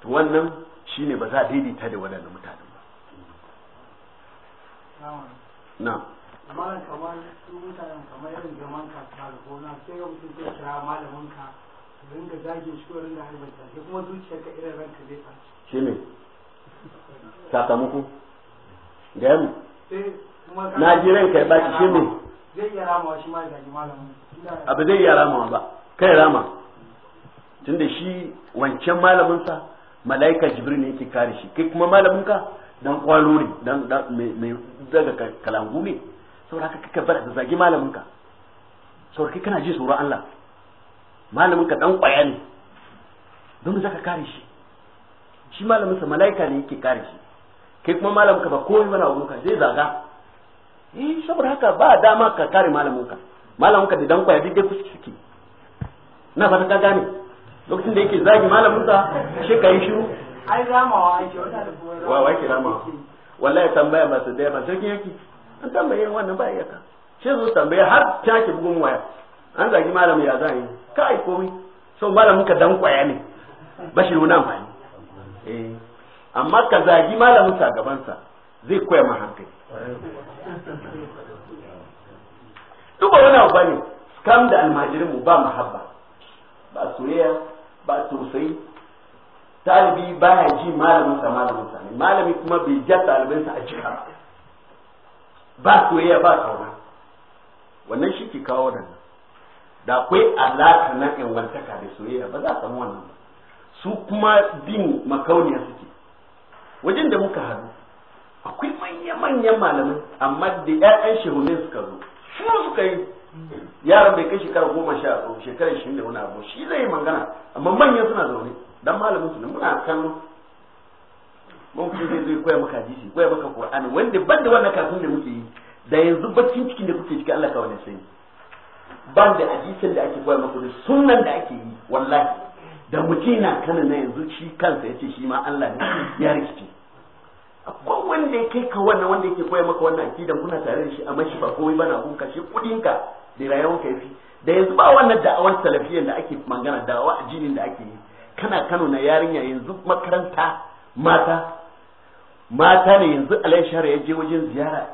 to wannan shine ba za a daidaita da waɗannan mutanen ba na'am malam kamar su mutanen kamar irin zaman kasuwa da gona sai ga mutum zai kira malamin ka ringa zagin shi ko ringa harbata shi kuma zuciyar ka irin ranka zai faci shi ne sakamako ga yamu eh, na ji ranka ya baci shi ne zai iya ramawa shi ma zagi malamin abu zai iya ramawa ba kai rama tunda shi wancan malaminsa mala'ika jibril ne yake kare shi kai kuma malamin ka dan kwalo ne dan mai daga kalangu ne saboda haka kaka bar da zagi malamin ka saboda kai kana ji tsoron Allah malamin ka dan kwaya ne don zaka kare shi shi malamin sa malaika ne yake kare shi kai kuma malamin ka ba koyi mana wurin ka zai zaga eh saboda haka ba dama ka kare malamin ka malamin ka da dan kwaya duk dai suke na fata ka gane lokacin da yake zagi malamin sa shi kai shiru ai ramawa ake wata da wa wai ke ramawa wallahi tambaya masu da ba sarkin yake an tambaye wannan ba iyaka shi zo tambaye har ki bugun waya an zagi malam ya zan yi kai komai so malam ka dan kwaya ne ba shi wani amfani eh amma ka zagi malamin sa zai koya ma hankali duk wani abu bane kam da almajirin mu ba mahabba ba soyayya ba tausayi talibi ya ji malamin sa malamin sa ne malami kuma bai ja albinsa a jika ba soyayya ba kauna wannan shi ke kawo nan da akwai alaka na ingantaka da soyayya ba za a samu wannan ba su kuma bin makauniya suke wajen da muka haɗu akwai manya-manyan malamai amma da 'ya'yan shehunai suka zo su suka yi yaran bai kai shekara goma sha shekara ishirin da wani abu shi zai yi magana amma manyan suna zaune dan malamin su ne muna kallo mamuci zai zo koya maka hadisi koya maka qur'ani wanda ban da wannan kafin da muke yi da yanzu bakin cikin da kuke ciki Allah ka wani sai ban da hadisin da ake koya maka da sunnan da ake yi wallahi da mutum na kana na yanzu shi kansa yace shi ma Allah ne ya rikice akwai wanda ya ka wannan wanda yake koya maka wannan akidan kuna tare da shi amma shi ba komai bana hunka shi ka da ka yafi da yanzu ba wannan da'awar salafiyyar da ake magana da'awa addinin da ake yi kana Kano na yarinya yanzu makaranta mata mata ne yanzu alai shahara ya je wajen ziyara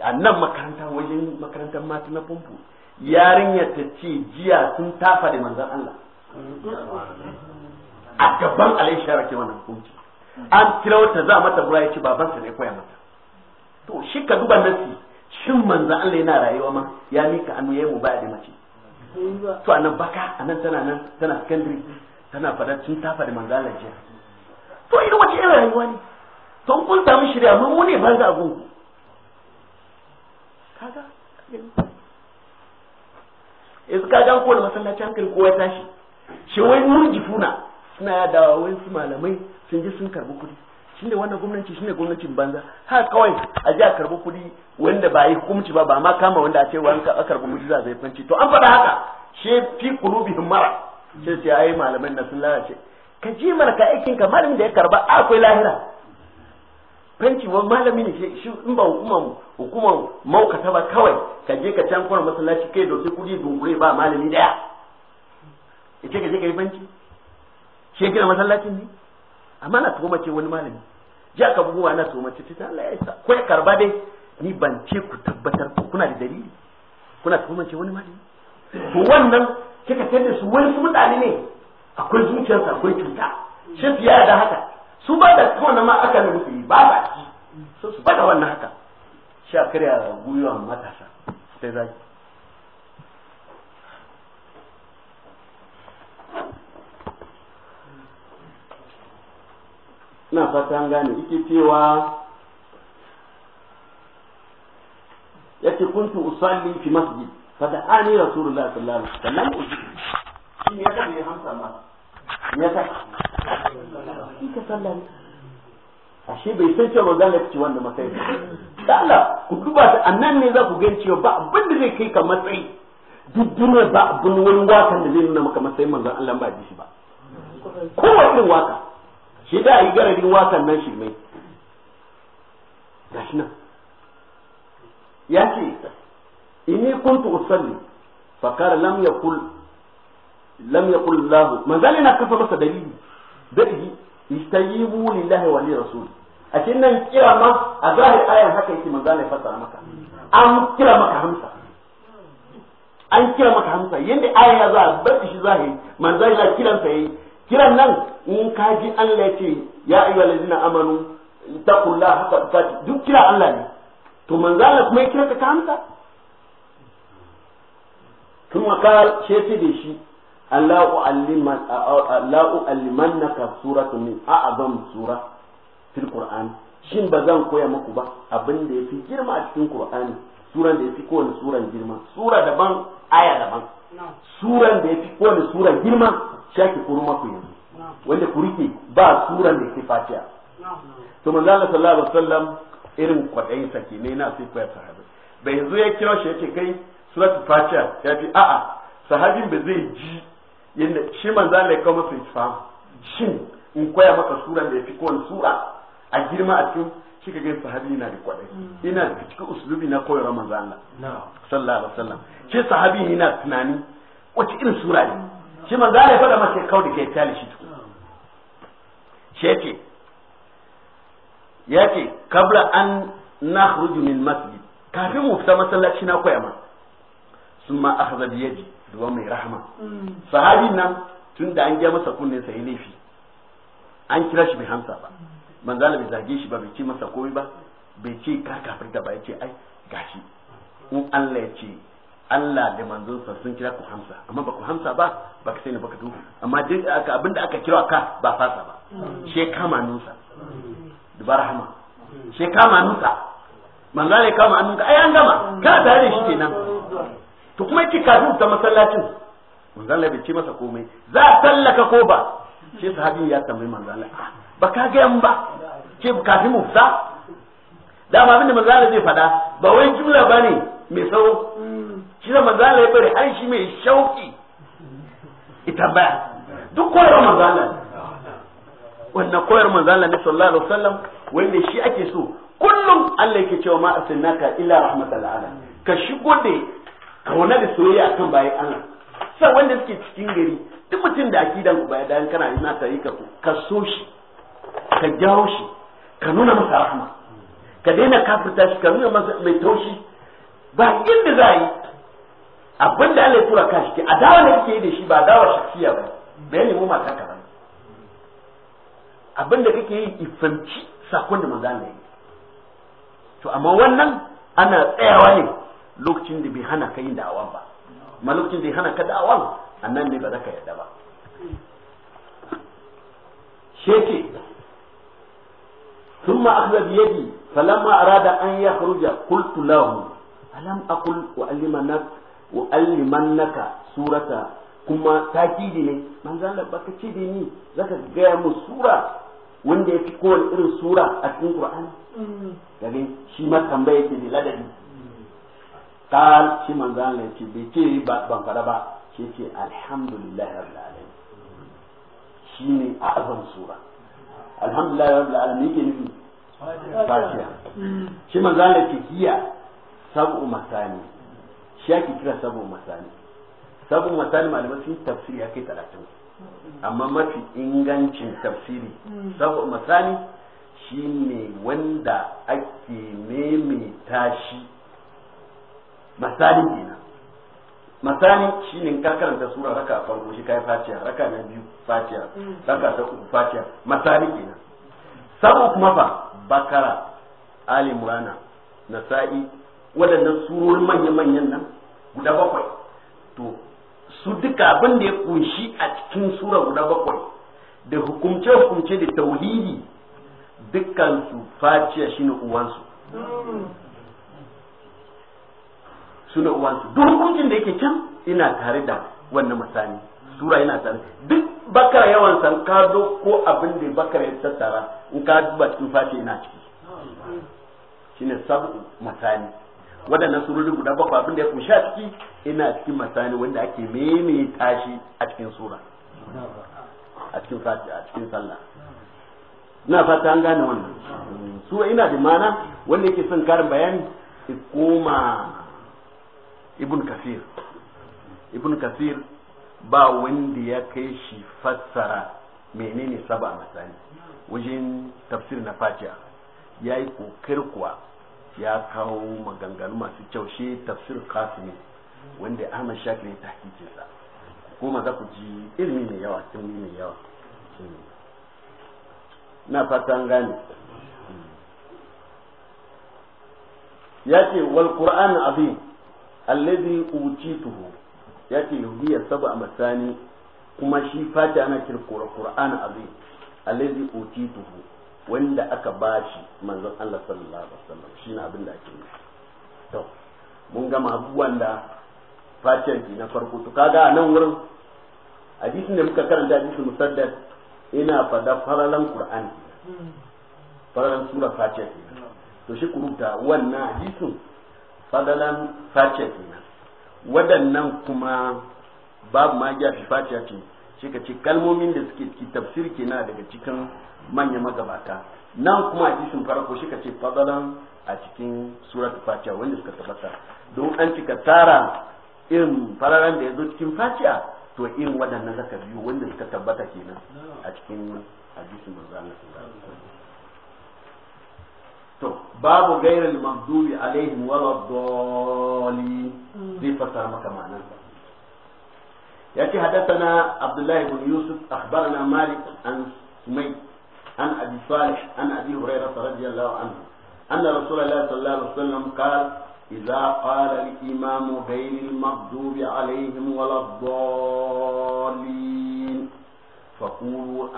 a nan makaranta wajen makarantar mata na pompo yarinya ta ce jiya sun tafa da manzan Allah a gaban alai shahara ke wannan hukunci an kira wata za mata bura ya ce babansa ne koya mata to shi ka duba nasi shin manzan Allah yana rayuwa ma ya mika hannu ya yi mu baya da mace to anan baka anan tana nan tana secondary tana fadar sun tafa da manzan Allah jiya to irin wace irin rayuwa ne sun kunta samu shirya mun mu ne banza a gunku kaga yanzu ka ga kowane masallaci hankali kowa tashi shi wai murjifuna suna yadawa wai su malamai sun ji sun karbi kuɗi shine wannan gwamnati shine gwamnatin banza ha kawai a ji a karbi kuɗi wanda ba yi hukumci ba ba ma kama wanda a ce wa ka karbi kuɗi za a zai fanci to an faɗa haka she fi qulubihim mara sai sai ai malamai na sun lalace ka ji mana ka aikin ka malamin da ya karba akwai lahira fanci wani malami ne shi in ba hukumar hukumar maukata ba kawai ka je ka can kwana masallaci kai dauke kudi dunkure ba malami daya ita ka je ka yi fanci shi ya gina masallacin ne amma na tuhuma ce wani malami ji aka buguwa na tuhuma ce ta Allah ya isa ko ya karba dai ni ban ce ku tabbatar ku kuna da dalili kuna tuhuma ce wani malami to wannan kika tada su wani mutane ne akwai zuciyarsa akwai cuta shi fiye da haka su ba da kowane ma aka ne musu yi ba ba ci su su ba da wannan haka sha karya gwiwa matasa sai zaki na fata an gane ike cewa yake kuntu usalli fi masjid ani rasulullahi sallallahu alaihi wasallam uji ya kabe hamsa ma ya kabe ashe bai san cewa za ka ci wanda matsayi da Allah ku duba ta annan ne za ku gan cewa ba abin da zai kai ka matsayi duk ba abin wani wakan da zai nuna maka matsayin manzon Allah ba ji shi ba kowa irin waka shi da yi garadin wakan nan shi mai gashi nan ya ce inni kuntu usalli fa qala lam yakul lam yakul Allah manzon Allah kafa masa dalili daɗi istayibu lillahi wa lirasul a cikin nan kira ma a zahir ayan haka yake manzo Allah ya fassara maka an kira maka hamsa an kira maka hamsa yanda ayan ya za bar shi zahiri manzo ya kiran sa yayi kiran nan in ka ji Allah ya ce ya ayyuhal allazina amanu taqullaha haqqa tuqatih duk kira Allah ne to manzo Allah kuma ya kira ka hamsa kuma ka shefe da shi la u'allimannaka suratu min a'zam sura fil qur'an shin ba zan koya muku ba abin da yafi girma a cikin qur'ani suran da yafi kowane suran girma sura daban aya daban suran da yafi kowane suran girma shaki kuru maku yanzu wanda ku rike ba suran da yake fatiha to manzo Allah sallallahu alaihi wasallam irin kwadayin sa ne na sai koyar sahabi bai yanzu ya kiro shi yace kai suratul fatiha yafi a'a sahabin ba zai ji yadda shi man Allah ya kawo masa isfam shin in koya maka sura mai fi kowane sura a girma a cikin shi ka gaisa sahabi yana da kwaɗayi. Mm. ina da cikin usulubi na koyarwa man Allah sallallahu alaihi wasallam shi sahabi yana tunani wace irin sura ne shi man Allah ya faɗa masa kawo da kai tali shi tukun shi ya ce kabla an nakhruju min masjid kafin mu fita masallaci na koya ma ma akhadha bi yadi duwa mai rahama mm. sahabin nan tun da an ja masa kunne sai laifi an kira shi bai hamsa ba mm. manzala bai zage shi ba bai ce masa komai ba bai ce ka kafir da ba ya ce ai gashi in Allah ya ce Allah da sa sun kira ku hamsa amma ba ku hamsa ba ba ka sani ba ka duhu amma duk aka abinda aka kira ka ba fasa ba mm. she kama nusa da rahama she kama nusa manzala ya kama annunka ai an gama kana tare da shi kenan to kuma yake kafin ta masallacin manzo Allah bai ce masa komai za a tallaka ko ba ce sahabi ya tambayi manzo Allah ah, ba ka ga yan ba ce kafin mu fita dama abinda manzo Allah zai faɗa ba wai jumla bane mai sauro. shi da manzo Allah ya bari har shi mai shauki ita baya duk koyarwar manzo Allah wannan koyar manzo Allah ne sallallahu alaihi wasallam wanda shi ake so kullum Allah yake cewa ma asinaka illa rahmatal alamin ka shigo da kauna da soyayya akan bayan Allah sai wanda suke cikin gari duk mutum da akidan ku bayan dan kana ina tarika ka ku ka so shi ka jawo shi ka nuna masa rahama ka daina kafirta shi ka nuna masa mai taushi ba inda za yi abin da Allah ya tura ka shi adawa ne kake yi da shi ba adawa shakiya ba bai nemo mata ka ba abin da kake yi ifanci sakon da manzo Allah ya yi to amma wannan ana tsayawa ne lokacin da bai hana ka yin da'awan ba ma lokacin da ya hana ka da'awan annan ne ba za ka yadda ba sheke ثم أخذ بيدي فلما أراد أن يخرج قلت له ألم wa alliman وألمنك surata kuma takidi ne manzan da baka ce da ni zaka gaya mu sura wanda ya fi kowane irin sura a cikin Qur'ani daga mm. shi ma tambaya ke da ladabi qal shi manzo تي yace bai ce ban تي ba لله رب العالمين rabbil اعظم shine الحمد sura رب العالمين alamin yake فاتحه شي shi زان لي تي sab'u masani shi yake kira sab'u masani sab'u masani malamai sun تفسير yake 30 amma mafi ingancin tafsiri sab'u masani shine wanda ake maimaita shi masani kenan masani shine ka karanta sura raka farko shi kai fatiha raka na biyu fatiha raka ta uku fatiha masani kenan sabo kuma fa bakara ali murana nasa'i waɗannan surorin manya-manyan nan guda bakwai to su duka abin da ya kunshi a cikin sura guda bakwai da hukumce-hukumce da tauhidi dukkan su faciya shine uwansu mm. suna uwansu duk hukuncin da yake can ina tare da wannan masani sura yana tare duk bakara yawan san ka ko abin da bakara ya tattara in ka duba cikin fashe ina ciki shine sabu masani wadannan surori guda bakwai abin da ya kunshi a ciki ina cikin masani wanda ake meme tashi a cikin sura a cikin fati a cikin sallah ina fata an gane wannan su ina da mana wanda yake son karin bayani koma ibn kasir ibn kasir ba wanda ya kai shi fassara menene saba masani wajen tafsir na fatiha ya yi kokar kuwa ya kawo maganganu masu kyau shi tafsir kasimi wanda ahmad ne ya tahkikinsa kuma za ku ji ilimi mai yawa ilimi mai yawa na fatan gane ya ce wal qur'an azim alladhi utituhu ya ce hiya saba masani kuma shi fata ana kira qur'an azim alladhi utituhu wanda aka bashi manzon Allah sallallahu alaihi wasallam shine abin da ake nufi to mun gama abubuwan da fatiyan na farko to kaga a nan wurin hadisin da muka karanta hadisin musaddad ina fada faralan qur'an hmm. faralan sura fatiyan to shi ku rubuta wannan hadisin fadalan faciya kenan waɗannan kuma babu ya fi faciya ce shi ka ce kalmomin da suke ciki tafsir kenan daga cikin manya magabata nan kuma a cikin farko shi ka ce fadalan a cikin surat faciya wanda suka tabbata don an cika tara irin fararen da ya zo cikin faciya to irin waɗannan zaka biyu wanda suka tabbata kenan a cikin hadisin manzo Allah sallallahu alaihi wasallam طب باب غير المغضوب عليهم ولا الضالين دي فسر ما كمان يأتي حدثنا عبد الله بن يوسف أخبرنا مالك عن سمي عن أبي صالح عن أبي هريرة رضي الله عنه أن رسول الله صلى الله عليه وسلم قال إذا قال الإمام غير المغضوب عليهم ولا الضالين فقولوا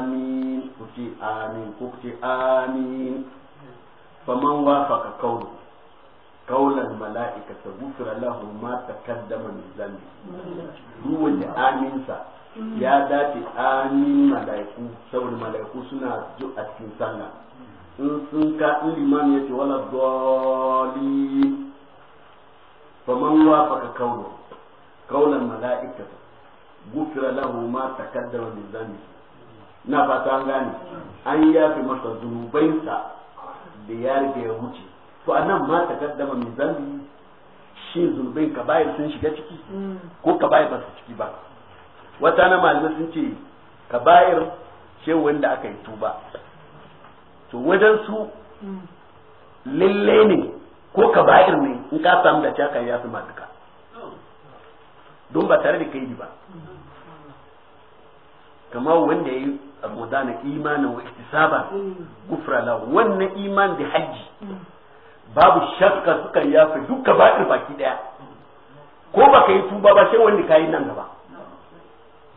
آمين قلت آمين, قلت آمين faman wafaka kaulu kaulan mala'ika ta gufira lahu ma ta kaddama min zambi duk wanda aminsa ya dace amin mala'iku saboda mala'iku suna ju a cikin sallah in sun liman ya ce wala dali faman wafaka kaulu kaulan mala'ika gufira lahu ma ta kaddama min zambi na fata an gane an yafe masa zunubansa da ya riga ya wuce to nan ma ta kaddama mai zambi shi zurbin ka bayar sun shiga ciki ko ka bayar ba su ciki ba wata na malamai sun ce ka bayar ce wanda aka yi tuba to wajen su lalle ne ko ka bayar ne in ka samu da caka ya su matuka don ba tare da kai ba kamar wanda ya yi saboda na imanin wa ihtisaba gufra la wannan iman da haji babu shakka suka yafi dukka baɗin baki daya ko baka yi tuba ba sai wanda kayi nan gaba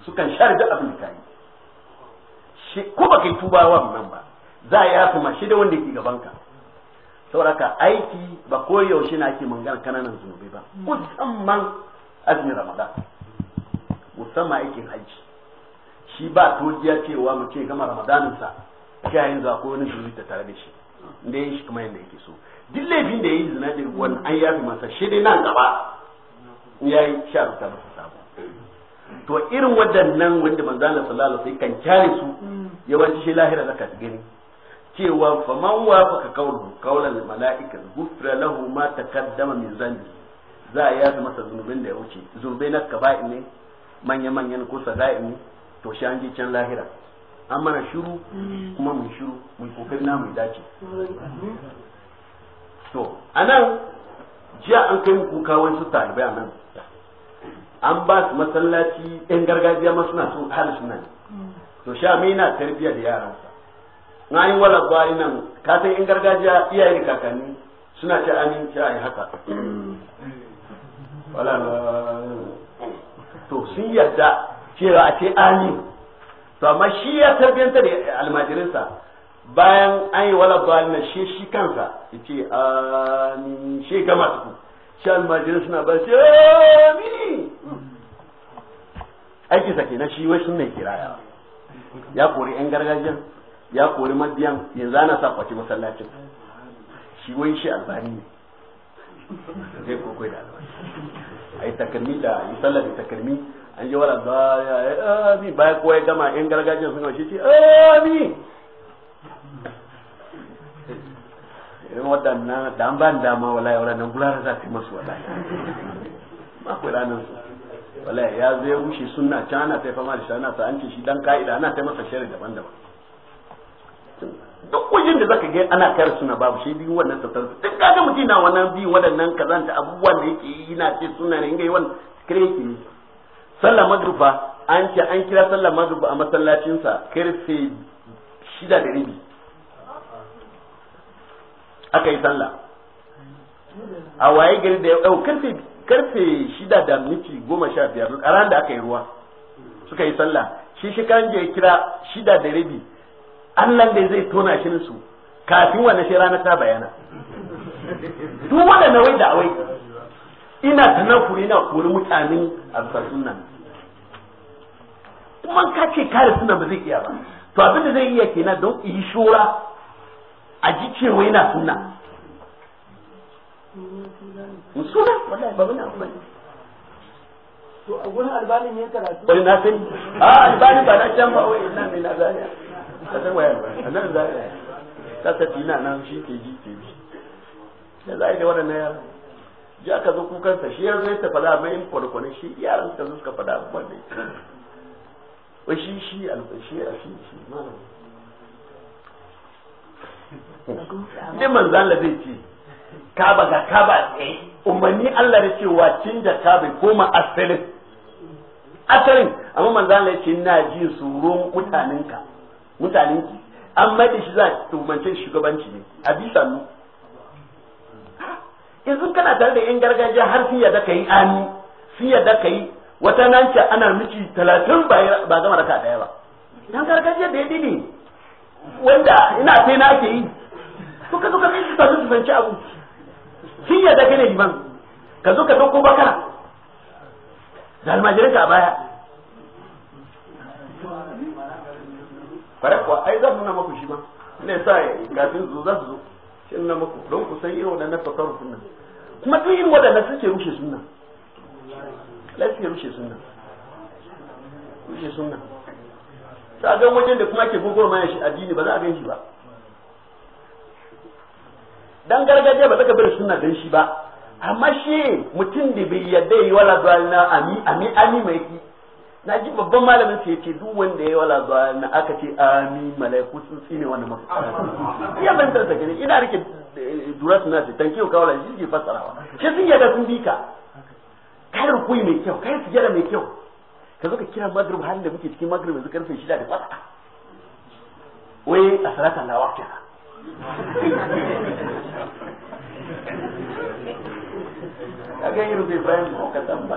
sukan sharja abin da kayi shi ko baka yi tuba wa nan ba za a yafi ma shi da wanda ke gaban ka sauraka aiki ba ko yaushe na ke mangana kananan zunubi ba musamman azumin ramadan musamman aikin hajji shi ba tojiya cewa mu ce gama ramadaninsa shi yayin yin wani zuri ta tare da shi inda ya shi kuma yadda yake so duk laifin da ya yi zina da wani an yafi masa shi dai nan gaba ya yi sha rubuta masa sabo to irin waɗannan wanda manzo Allah sallallahu alaihi kan kyare su yawanci shi lahira zaka gani cewa faman wafaka qawlu qawlan malaika gufra lahu ma taqaddama min zanbi za a yafi masa zunubin da ya wuce zunubai na kaba'i ne manya-manyan ko sada'i ne to shi an je can lahira an mana shiru mm. kuma mun shiru mun kokari na mun dace mm. to anan jiya an kai kuka su talibai a nan an ba su masallaci yan gargajiya ma suna so hali suna mm. to sha mai na tarbiyya da sa. na yi wala bayi nan ka san yan gargajiya iyaye da kakanni suna ce amin ce ai haka wala to sun yadda cewa a ce amin to amma shi ya tarbiyanta da almajirinsa bayan an yi wala balina shi shi kansa ya ce amin shi gama su shi almajirin suna ba shi amin aiki sake na shi wai sun ne kiraya ya kori yan gargajiya ya kori mabiyan yanzu ana sa kwace masallacin shi wai shi albani ne zai kokoi da albani a yi takalmi da yi sallar da takalmi an ji wala zaya ya abi baya ko ya gama in gargajiya sun gaushe ce abi eh, irin waɗannan da an ba ni dama wallahi waɗannan gulara za ta yi masu wallahi ba ku ranar su wallahi ya zo ya rushe sunna can ana ta fama da shi ana ta an ce shi dan ka'ida ana ta masa shari daban-daban duk wajen da zaka ga ana kayar suna babu shi biyu wannan tattalin duk ga mutum na wannan biyu waɗannan kazanta abubuwan da yake yi na ce suna ne in ga yi wannan kireki ne sallar magruba an ce an kira sallar magruba a masallacinsa karfe shida da rabi aka yi sallah a waye gari da yau oh, karfe karfe shida da minti goma sha biyar a ran da aka yi ruwa suka yi sallah shi shi kan je kira shida da rabi Allah da zai tona shi su kafin wannan shi rana ta bayana duk wanda na wai da wai ina kuri na kuri mutanen alfasun nan kuma ka ce kare suna ba zai iya ba to abin da zai iya kenan don yi shura a ji cewa yana suna suna wallahi ba wani kuma to a gurin albani ne karatu wani na sai a albani ba na can ba wai ina mai na zariya ka san waya a nan zariya ka sati na nan shi ke ji ke ji da zai da waɗannan yara ya ka zo kukansa shi ya zo ya tafada mai in kwanakwanin shi yaran suka zo suka fada abubuwan da ya shi shi alfashi a shi shi ne manzo Allah zai ce kaba ga kaba tsaye umarni Allah da cewa canja kaba koma asalin asalin amma manzo Allah ya ce ina ji tsoron mutaninka mutaninki an mai da shi za a tumance shugabanci ne a bisa sun kana tare da yan gargajiya har sun yadda ka yi ami sun yadda ka yi wata nan ce ana miki talatin ba gama raka daya ba yan gargajiya da ya dini wanda ina sai na ke yi suka suka kai su tafi su fanci abu sun yadda ka ne liman ka zo ka dauko bakara da almajirin ka a baya kwarai kuwa ai su nuna maku shi ma ne sa kafin su za su zo in na muku don ku san irin waɗannan fasaru nan kuma duk irin waɗannan suke rushe sunna lafiya rushe sunna rushe sunna ta ga wajen da kuma ke gogoro ma shi addini ba za a ganshi ba dan gargajiya ba zaka bari sunna dan shi ba amma shi mutum da bai yadda yi wala dalina ami ami ami mai na ji babban malamin sai yace duk wanda yayi wala zuwa na aka ce amin malaiku sun tsine wannan masu ya ban ta gani ina rike eh, durat na ce you kawala shi ke fasarawa shi sun yaga sun bi ka kai rukui mai kyau kai sujjada mai kyau ka zo ka kira magrib halin da muke cikin magrib yanzu karfe 6 da fata wai a salatan lawa kenan ka ga irin bai bayan mahaukatan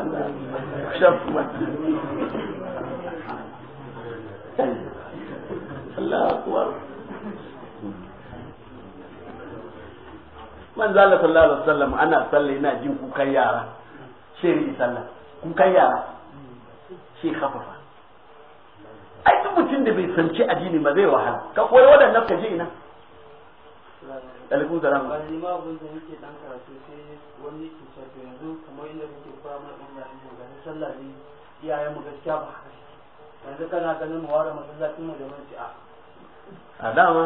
ana sallah yana jin kukan yara shiri sallah kukan yara shi kafafa ai duk mutum da bai sanci addini ba zai wahala ka koyi waɗannan ka je ina alaikum salam wani yake shafi yanzu kamar inda muke fara mana inda mu ga sallah ne iyayen mu gaskiya ba haka yanzu kana ganin mu ware masallacin mu da man ci a dama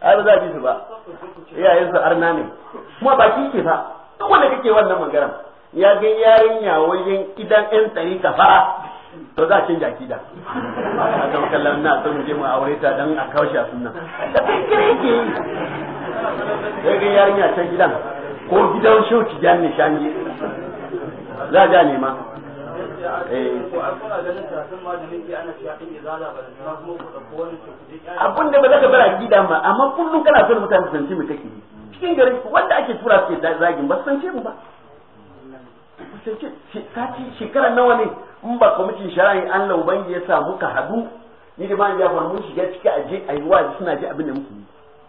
ai ba za a bi ba iyayen su arna ne kuma ba shi ke fa duk wanda kake wannan magaran ya ga yarinya wajen idan yan tsari ka fara to za a canja akida a kan kallon na son je mu aure ta dan a kawo shi a sunna da kai kire ke yi Ya ga yarinya can gidan ko gidan shoci jan nishanji za a ja ma? Eh. abin da ba za ka bara gida ma amma kullum kana son mutane sanci mu kake yi cikin gari wanda ake tura suke zagin ba san ce mu ba sati shekara nawa ne in ba kwamitin shari'a an lauban ya samu ka hadu ni da ma ya mun shiga ciki a je a yi wa suna ji abin da muke yi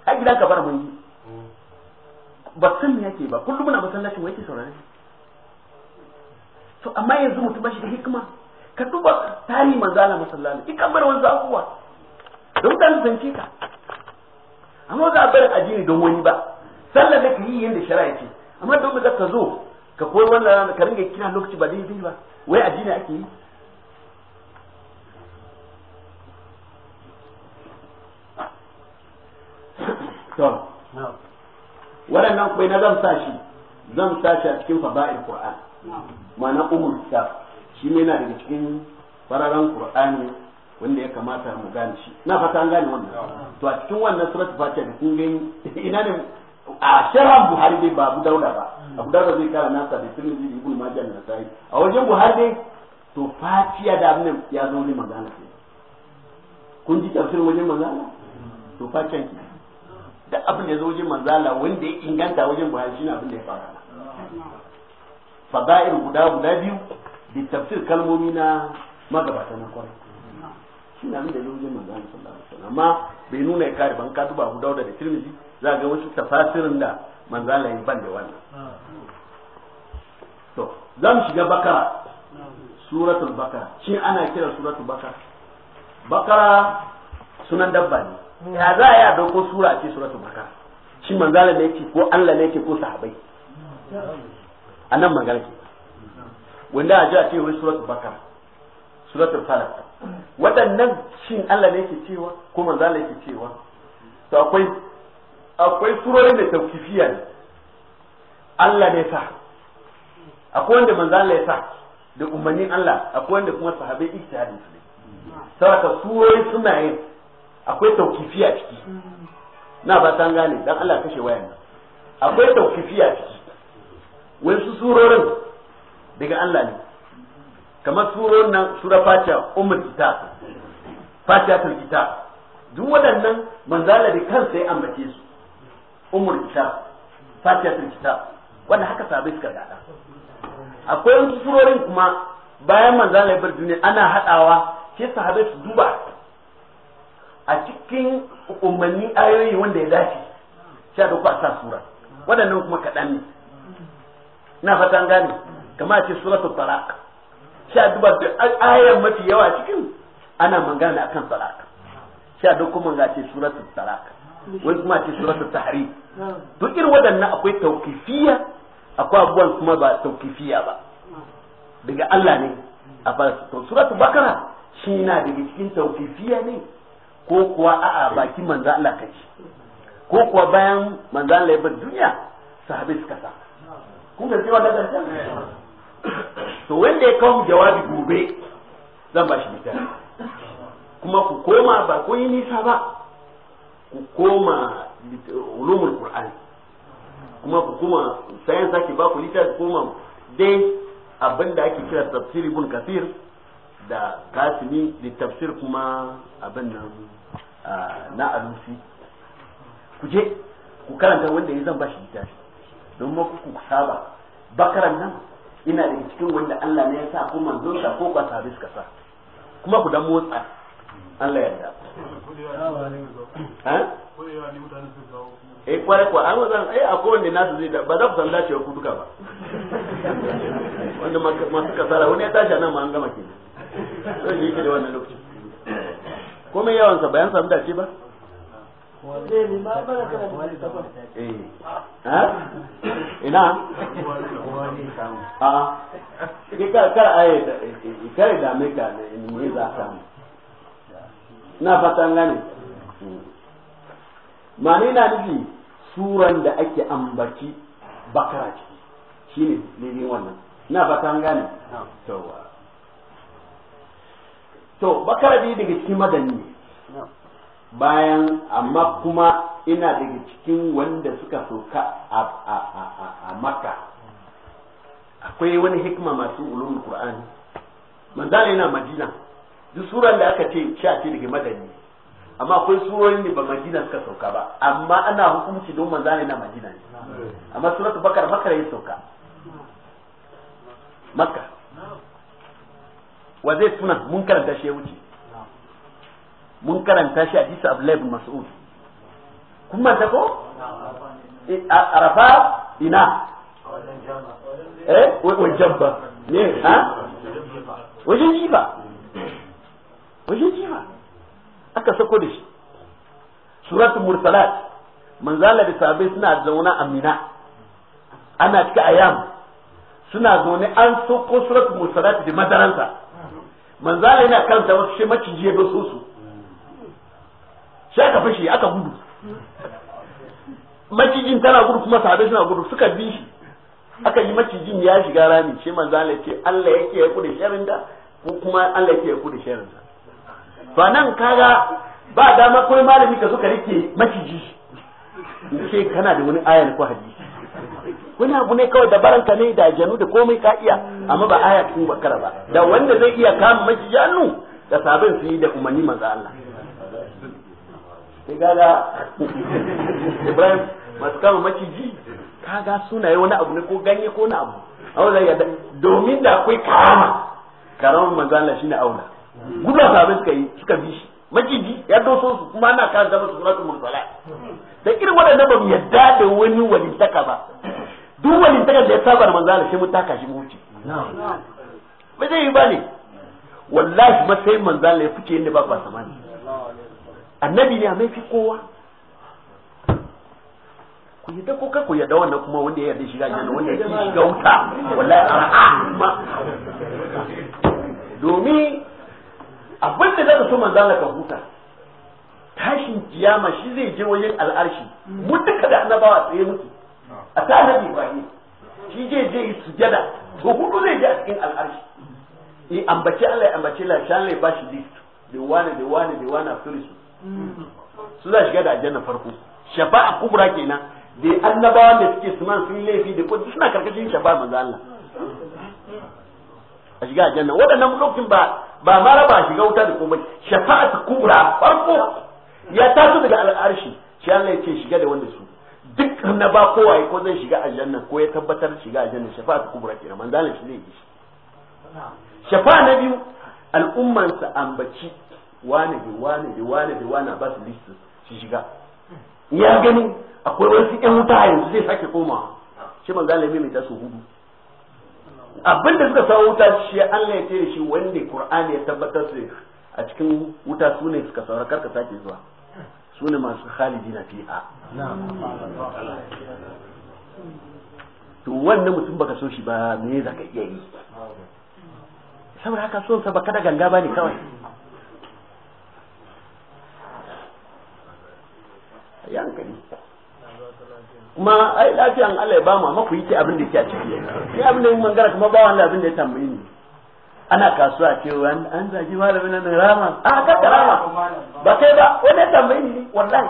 a gidan ka bar mun yi ba san me yake ba kullum muna masallacin wai ke saurare to amma yanzu mutum ba shi da hikima ka duba tari manzo Allah masallaci ikan bar wani abubuwa don dan zance ka amma za a bar ajini don wani ba sallar da yi yanda shari'a ce amma don da ka zo ka koyi wannan ka ringa kira lokaci ba dai ba wai ajini ake yi to waɗannan kwai na zan sa shi zan sa shi a cikin fada'il qur'an ma'ana umul ta. shi ne yana daga cikin fararen qur'ani wanda ya kamata mu gane shi na fata an gane wannan to a cikin wannan surat fatiha da kun gani ina ne a sharhan buhari dai ba abu dauda ba abu dauda zai kara nasa da tirmidhi da ibnu majah da nasai a wajen buhari dai to fatiha da abin ya zo ne magana kun ji tafsirin wajen magana to fatiha da abin da ya zo wajen manzala wanda ya inganta wajen buhari shine abin da ya fara fada'ir guda guda biyu bi tafsir kalmomi na magabata na kwarai shi na da yau manzo Allah sallallahu alaihi wasallam amma bai nuna ya kare ban katuba duba Abu Dawud da Tirmidhi za ga wasu tafasirin da manzo Allah ya ban da wannan to zamu shiga bakara suratul bakara shi ana kira suratul bakara bakara sunan dabba ne ya za a yi a dauko sura ce suratul baka? shi manzala ne yake ko Allah ne yake ko sahabai a nan magana ke wanda a ji a ce wai suratul bakara suratul falaq waɗannan shin Allah ne yake cewa ko manzala yake cewa to akwai akwai surorin da tawkifiya ne Allah ne sa akwai wanda manzala ya sa da umarnin Allah akwai wanda kuma sahabai ijtihadi su ne saboda surori suna yin akwai taukifi a ciki na ba san gane dan Allah kashe wayan nan akwai taukifi a ciki su surorin daga Allah ne kamar surorin nan sura fatiha ummul kitab tul kitab duk waɗannan manzala da kansa ya ambace su ummul kitab tul kitab wanda haka sabai suka gada akwai wasu surorin kuma bayan manzala ya bar duniya ana hadawa sai sahabai su duba a cikin umarni ayoyi wanda ya dace sha da kuwa a sa sura waɗannan kuma kaɗan ne na fatan gane kama a ce ta talaq sha duba da ayan mafi yawa cikin ana magana akan talaq sha da kuma ga ce ta talaq wani kuma ce ta tahrim duk irin waɗannan akwai taukifiya akwai abubuwan kuma ba taukifiya ba daga Allah ne a fara to ta bakara shi na daga cikin taukifiya ne ko kuwa a'a baki manzo Allah kai ko kuwa bayan manzan Allah ya bar duniya sahabbai suka sa kun ga cewa da gaskiya to wanda ya kawo jawabi gobe zan ba shi misali kuma ku koma ba ko yi nisa ba ku koma ulumul qur'ani kuma ku koma sayan sake ba ku littafi koma dai abin da ake kira tafsir ibn kafir, da kasimi da tafsir kuma abin nan na alusi ku je ku karanta wanda ya zan bashi littafi don ma ku saba bakaran nan ina da cikin wanda Allah ne ya sa ko manzon sa ko ba sabis ka sa kuma ku dan motsa Allah yarda ha eh kware ko an wazan ai akwai wanda nasu zai da ba za ku san dacewa ku duka ba wanda masu kasara wani ya tashi nan ma an gama kenan sai yake da wannan lokacin komai yawan sa bayan samu dace ba ina a kar kar aye kar da me eh, ka ne za ka na fatan gane hmm. mani na nufi suran da ake ambaci bakara ciki shi ne wannan na fatan gane to to bakarabi daga cikin madani bayan amma kuma ina daga cikin wanda suka soka a maka akwai wani hikima masu ulumul qur'ani manzala yana madina duk suran da aka ce sha ce daga madani amma akwai surorin da ba madina suka sauka ba amma ana hukunci don manzala yana madina ne amma suratu bakar bakar ya sauka maka. wa zai tuna mun karanta shi ya wuce mun karanta shi a hadisi Abdullahi bin Mas'ud kun manta ko eh, arafa ina eh wajen jabba ne ha wajen jiba wajen jiba aka sako da shi suratul mursalat manzala da sabai suna zauna amina ana cika ayam suna zaune an soko suratul mursalat da madaransa manzala yana karanta wasu shi maciji ya doso su sai aka fashe aka gudu macijin tana gudu kuma sahabe suna gudu suka bi shi aka yi macijin ya shiga rami shi manzala ce Allah yake ya kudu sharin da ko kuma Allah yake ya kudu sharin da ba nan kaga ba dama kai malami ka suka rike maciji ce kana da wani ayan ko hadisi wani abu ne kawai da baranka ne da janu da komai ka iya amma ba aya cikin bakara ba da wanda zai iya kama mashi janu da sabin su yi da umarni manzo Allah kaga Ibrahim masu kama maciji kaga sunaye wani abu ne ko ganye ko na abu aula yadda domin da akwai karama karamar manzo Allah shine aula gudu sabin suka yi suka bi shi maciji ya doso su kuma ana karanta musu suratul mursalat da irin wannan ba yadda da wani walitaka ba duk wani takar da ya saba da manzo Allah sai mun taka shi mu wuce ba zai yi ba ne wallahi ma sai manzo Allah ya fice inda ba ba samani annabi ne a mai fi kowa ku yi ko ka ku yadda wannan kuma wanda ya yarda shiga aljanna wanda ya shiga wuta wallahi a'a ma domin abin da zaka so manzo Allah ka huta tashin kiyama shi zai je wajen al'arshi mu duka da annabawa tsaye muke a ta annabi ibrahim shi je je sujada ko hudu zai je a cikin al'arshi eh ambace Allah ya ambace la shan lai bashi list da wani da wani da wani afirisu su za shiga da aljanna farko shafa'a kubra kenan da annabawan da suke suman sun laifi da kudi suna karkashin shafa'a manzo Allah a shiga aljanna waɗannan lokacin ba ba maraba raba shiga wuta da komai shafa'a kubra farko ya taso daga na ba kowaye ko zai shiga aljanna ko ya tabbatar shiga aljanna shafa'a ta kubra kenan manzalan shi zai yi shi shafa'a na biyu al'umman sa ambaci wani da wani da wani da wani ba su listu shi shiga ya gani akwai wasu ƴan wuta yanzu zai sake koma shi manzalan mai ta su hudu abinda suka samu wuta shi Allah ya tere shi wanda Qur'ani ya tabbatar su a cikin wuta su ne suka saurakar ka sake zuwa su ne masu khalidi na fi'a to wannan mutum baka so shi ba me za ka iya yi saboda haka son sa baka da ganga ba ne kawai yankali kuma ai lafiyan Allah ya ba mu amma ku yi abin da yake a ciki sai abin da mun gara kuma ba wanda abin da ya tambaye ni ana kasuwa ce an zaji malamin nan rama a da rama ba kai ba wani tambayi ne wallahi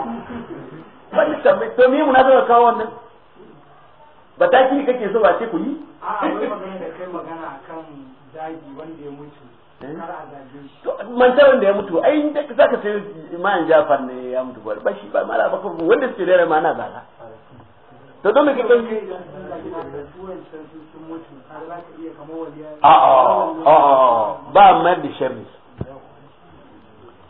wani tambayi to me muna zama kawo wannan ba ta kini kake so ba ce ku yi a wani magana da kai magana akan zagi wanda ya mutu eh? mantaran da ya mutu ai za ka sai iman jafar ne ya mutu ba shi ba mala ba wanda suke da ma na zaga to don me kake a a a ba ma da sharri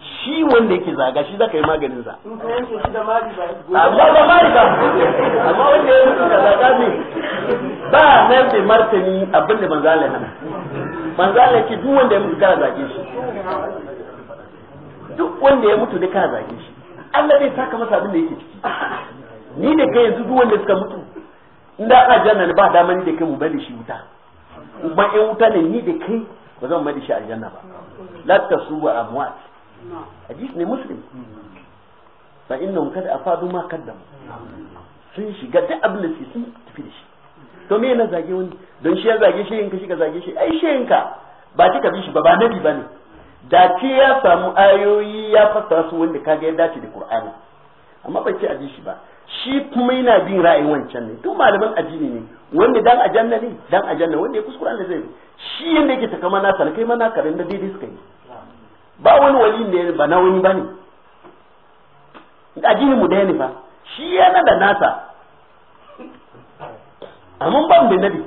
shi wanda yake zaga shi zaka yi maganin sa amma ba mari ba amma wanda ya mutu da zaga ne ba nan da martani abinda manzala hana manzala ce duk wanda ya mutu kana zage shi duk wanda ya mutu ne kana zage shi Allah zai saka masa abinda yake ciki ni ne kai yanzu duwanda suka mutu inda a janna ba dama ni da kai mu bari shi wuta kuma in wuta ne ni da kai ba zan bari shi aljanna ba la wa amwat hadis ne muslim fa innahum kad afadu ma kaddamu sun shiga duk abin da sun tafi da shi to me na zage wani don shi ya zage shi ka shi ka zage shi ai shi yinka ba ki ka bi shi ba ba nabi bane da ke ya samu ayoyi ya fassara su wanda kaga ya dace da qur'ani amma ba ki a ji shi ba shi kuma yana bin ra'ayin wancan ne duk malamin addini ne wanda dan ajanna ne dan ajanna wanda ya kuskura ne zai shi yanda yake takama na kai ma na da daidai suka yi ba wani wali ne ba na wani bane addini mu daya ne fa shi yana da nasa amma ba mu da nabi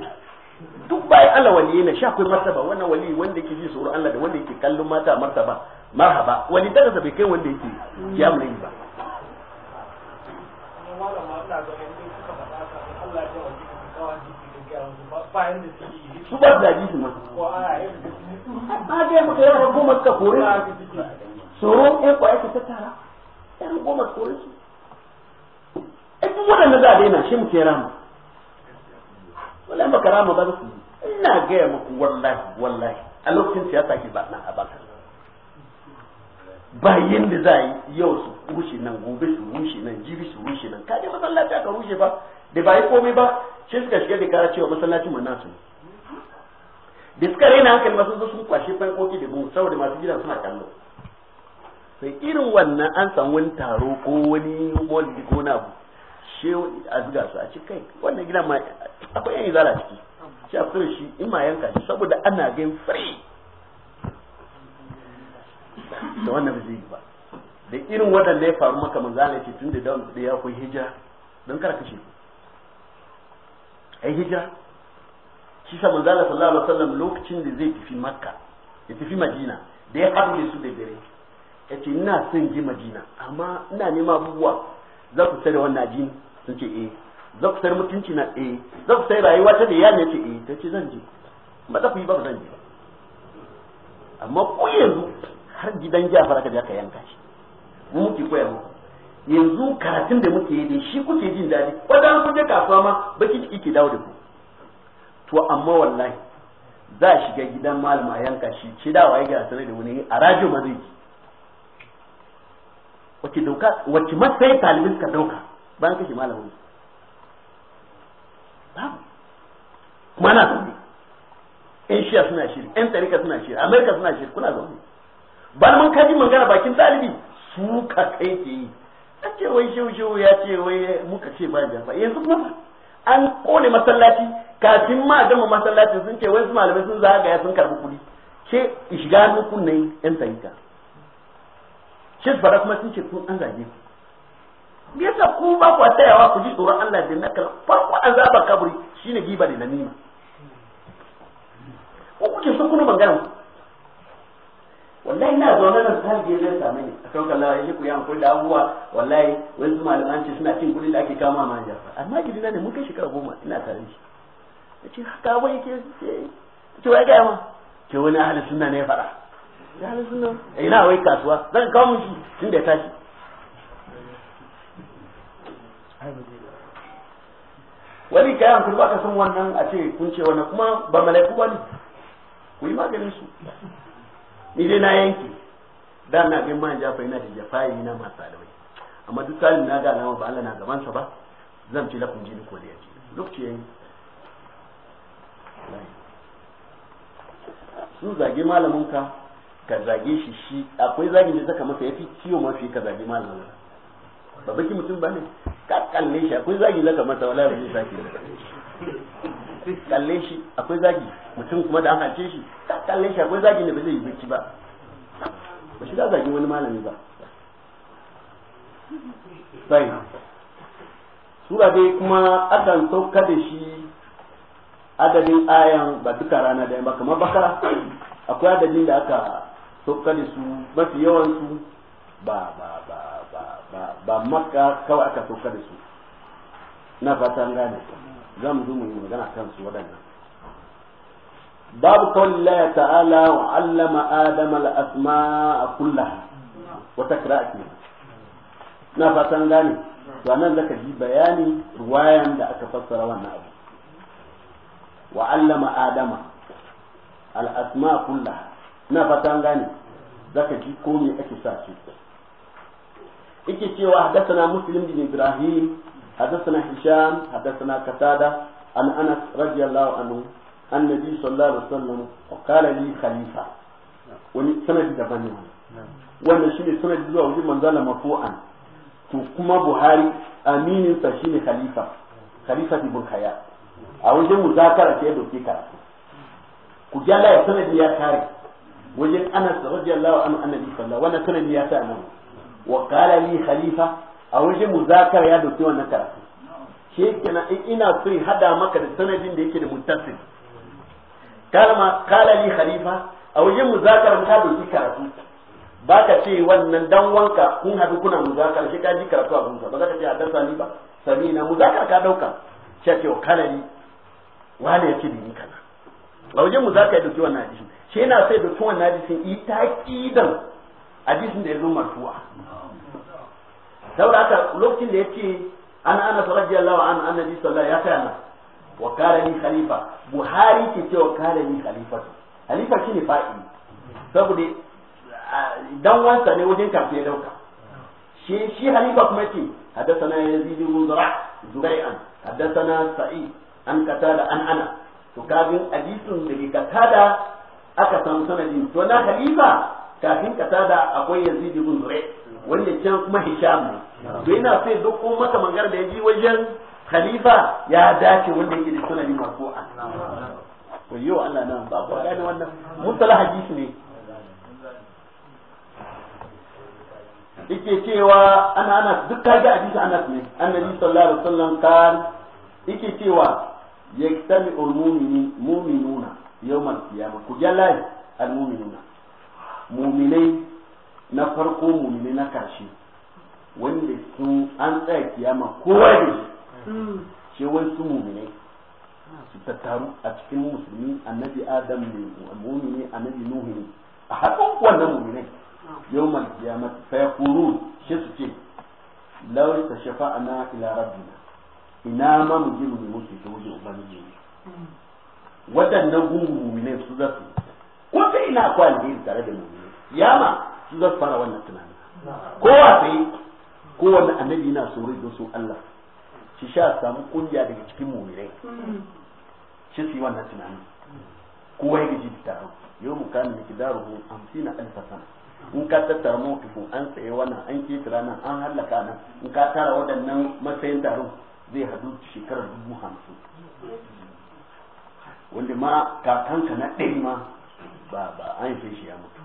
duk bai Allah wali ne sha akwai martaba wannan wali wanda yake ji tsoron Allah da wanda yake kallon mata martaba marhaba wali daga sabai kai wanda yake kiyamul ba malam ma ga wanda suka faɗa ka Allah ya wani ka kawo jiki da gyara su ba bayan da suke yi su ba da jiki ma ko a yi ba ga maka yawa goma suka kore tsoro ɗan kwaya ka tattara ɗan goma kore su ai waɗanda za a daina shi muke rama wallahi baka rama ba su ina gaya muku wallahi wallahi a lokacin siyasa ke ba na a baka ba da za yi yau su rushe nan gobe su rushe nan jibi su rushe nan kaje masallaci aka rushe ba da ba yi komai ba shi suka shiga da kara cewa masallaci mun nasu da suka raina hankali masu sun kwashe fankoki da gumu saboda masu gidan suna kallo sai irin wannan an samu wani taro ko wani moldi ko na abu she a zuga su a ci kai wannan gidan ma akwai yan izala ciki shi a fito shi in ma yanka shi saboda ana gain free da wannan zai yi ba da irin waɗanda ya faru maka Allah ce tun da da ya kun hijira don kar kashe ai hijira shi sa Allah sallallahu alaihi wasallam lokacin da zai tafi makka ya tafi madina da ya haɗu da su da dare ya ce ina son je madina amma ina nema abubuwa za ku sai da wannan jini sun ce eh za ku sayar mutunci na eh za ku sayar rayuwa ta da ya ne ce eh ta ce zan je ba za ku yi ba zan je amma ku yanzu har gidan jafar ka je ka yanka shi mu muke koya muku yanzu karatun da muke yi da shi kuke jin daɗi wadan kun je kasuwa ma baki ki ki dawo da ku to amma wallahi za a shiga gidan malam a yanka shi ce da waye ga tare da wani a radio ma zai wace dauka wace sai talibin ka dauka bayan kashe malamin babu kuma na zaune in shiya suna shiri yan tarika suna shiri amerika suna shiri kuna zaune bal mun kaji magana bakin dalibi su ka kai ke yi a ce wai shehu shehu ya ce wai muka ce ba jafa yanzu kuma an kone masallaci kafin ma gama masallacin sun ce wai su malamai sun zagaya sun karbi kuɗi ke shiga nukun ne yan tarika shi fara kuma sun ce kun an zage ku me yasa ku ba ku tsayawa ku ji tsoron Allah da nakal farko azaba kaburi shine giba da namima ko kuke sun kuna magana wallahi ina zaune nan ta je zai same ni a kan kallawa ya ku ya hankali da abubuwa wallahi wani su malaman ce suna cin kuɗin da ake kama ma jafa amma gidina ne mun kai shekara goma ina tare shi ya ce haka abu yake ce wai ga ma ke wani ahalin suna ne ya faɗa ya ahalin suna eh, ina wai kasuwa zan kawo mun shi tun da ya tashi wani kayan hankali ba ka san wannan a ce kun ce wannan kuma ba mala'iku ba ne ku yi maganin su ni dai na yanki da na bin man jafa yana da jafayi na masalawai amma duk salin na ga alama ba Allah na gaban sa ba zan ci lafin jini ko da yaji ce yayi su zage malamin ka ka zage shi shi akwai zagin da saka masa yafi ciwo mafi ka zage malamin ba baki mutum bane ka kalle shi akwai zagin da saka masa wallahi ba zai sake sai kalle shi akwai zagi mutum kuma da an hace shi kalle shi akwai zagi ne ba zai yi bacci ba ba shi da zagi wani malami ba sai sura dai kuma akan sauka da shi adadin ayan ba duka rana da ba kamar bakara akwai adadin da aka sauka da su mafi yawan su ba ba ba ba ba makka kawai aka sauka da su na fatan gane za mu zo mu yi magana kan su waɗannan babu kawai ta'ala wa allama adama al'asma kullaha wata kira'a na fatan gane to nan zaka ji bayani ruwayan da aka fassara wannan abu wa allama adama al'asma kullaha na fatan gane zaka ji ko me ake sa ce ike cewa na muslim bin ibrahim حدثنا هشام حدثنا قتادة عن أنس رضي الله عنه عن النبي صلى الله عليه وسلم وقال لي خليفة ونسند دبني wannan shine sanadi zuwa wajen manzala mafu'an to kuma buhari aminin sa shine khalifa khalifa ibn khaya a wajen muzakara sai doke karatu ku ji Allah sanadi ya kare wajen Anas radiyallahu anhu annabi sallallahu wannan sanadi ya sa nan wa qala li khalifa a wajen muzakara ya dauki wannan karatu shi kenan in ina so in hada maka da sanadin da yake da muttasil kalma kala li khalifa a wajen muzakara ka dauki karatu ba ka ce wannan dan wanka kun hadu kuna muzakara shi ka ji karatu a gunsa ba za ka ce dasa ni ba sabina muzakara ka dauka shi ce wa kala li wani ya ce da ni kana a wajen muzakara ya dauki wannan hadisin shi yana sai da tuwon hadisin ita kidan hadisin da ya zo marfu'a saboda aka, lokacin da ya ce an ana sarrafa Allah wa an annabi sallallahu alaihi wasallam ya kai wa kare ni khalifa buhari ke cewa kare ni khalifa khalifa shine fa'i saboda dan wanka ne wajen kafin ya dauka shi shi khalifa kuma ce haddathana yazid bin zura zubai'an haddathana sa'id an qatada an ana to kafin hadisin da ke qatada aka san sanadin to na khalifa kafin qatada akwai yazid bin zura'i wannan can kuma hisham ne to yana sai duk ko maka mangar da yaji wajen khalifa ya dace wanda yake da sunan marfu'a to yau Allah na ba ku gane wannan mustalah hadisi ne yake cewa ana ana duk kaga hadisi Anas ne annabi sallallahu alaihi wasallam kan yake cewa yaktami al-mu'mini mu'minuna yawmal qiyamah ku jalla al-mu'minuna mu'minai na farko mummi na karshe wanda su an tsaya kiyama kowa da shi ce wai su mummune su tattaru a cikin musulmi annabi adam ne mummune annabi nuhu ne a hakan wannan ne yau mal kiyama fa kuru shi su ce shafa a na ila rabbina ina ma mu ji mummi mutu ta wajen ubangiji hmm. waɗannan gungun ne su zasu ko ta ina akwai alheri tare da ya yama su za su fara wannan tunanin kowa sai kowanne annabi yana sori don su Allah shi sha samu kungiya daga cikin mumirai shi su yi wannan tunanin kowa ya gaji da taron yau mu da kidaru mu amsina alfa in ka tattara an tsaye wannan an ketara nan an hallaka nan in ka tara waɗannan matsayin taron zai hadu shekarar dubu hamsin wanda ma kakanka na ɗaya ma ba an shi ya mutu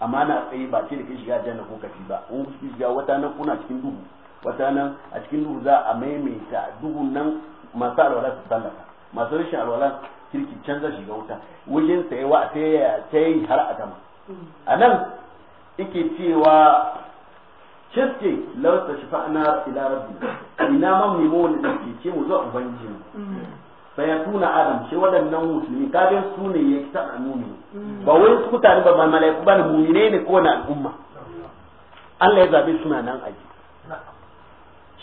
amana tsaye ba ce da ke shiga janna ko kafi ba in shiga wata nan kuna cikin duhu wata nan a cikin duhu za a maimaita duhun nan masu alwala su tsallaka masu rashin alwala kirki canza shiga wuta wajen tsayewa a yi har a gama a nan ike cewa shirke lauta fa'ana ila rabbi ina mamnimo wani ɗauke ce mu zuwa ubangiji mm. tuna adam shi waɗannan musulmi kafin su ne ya kisa a ba wai su mutane ba mala'iku ba ne mumine ne ko na al'umma Allah ya zabe suna nan aji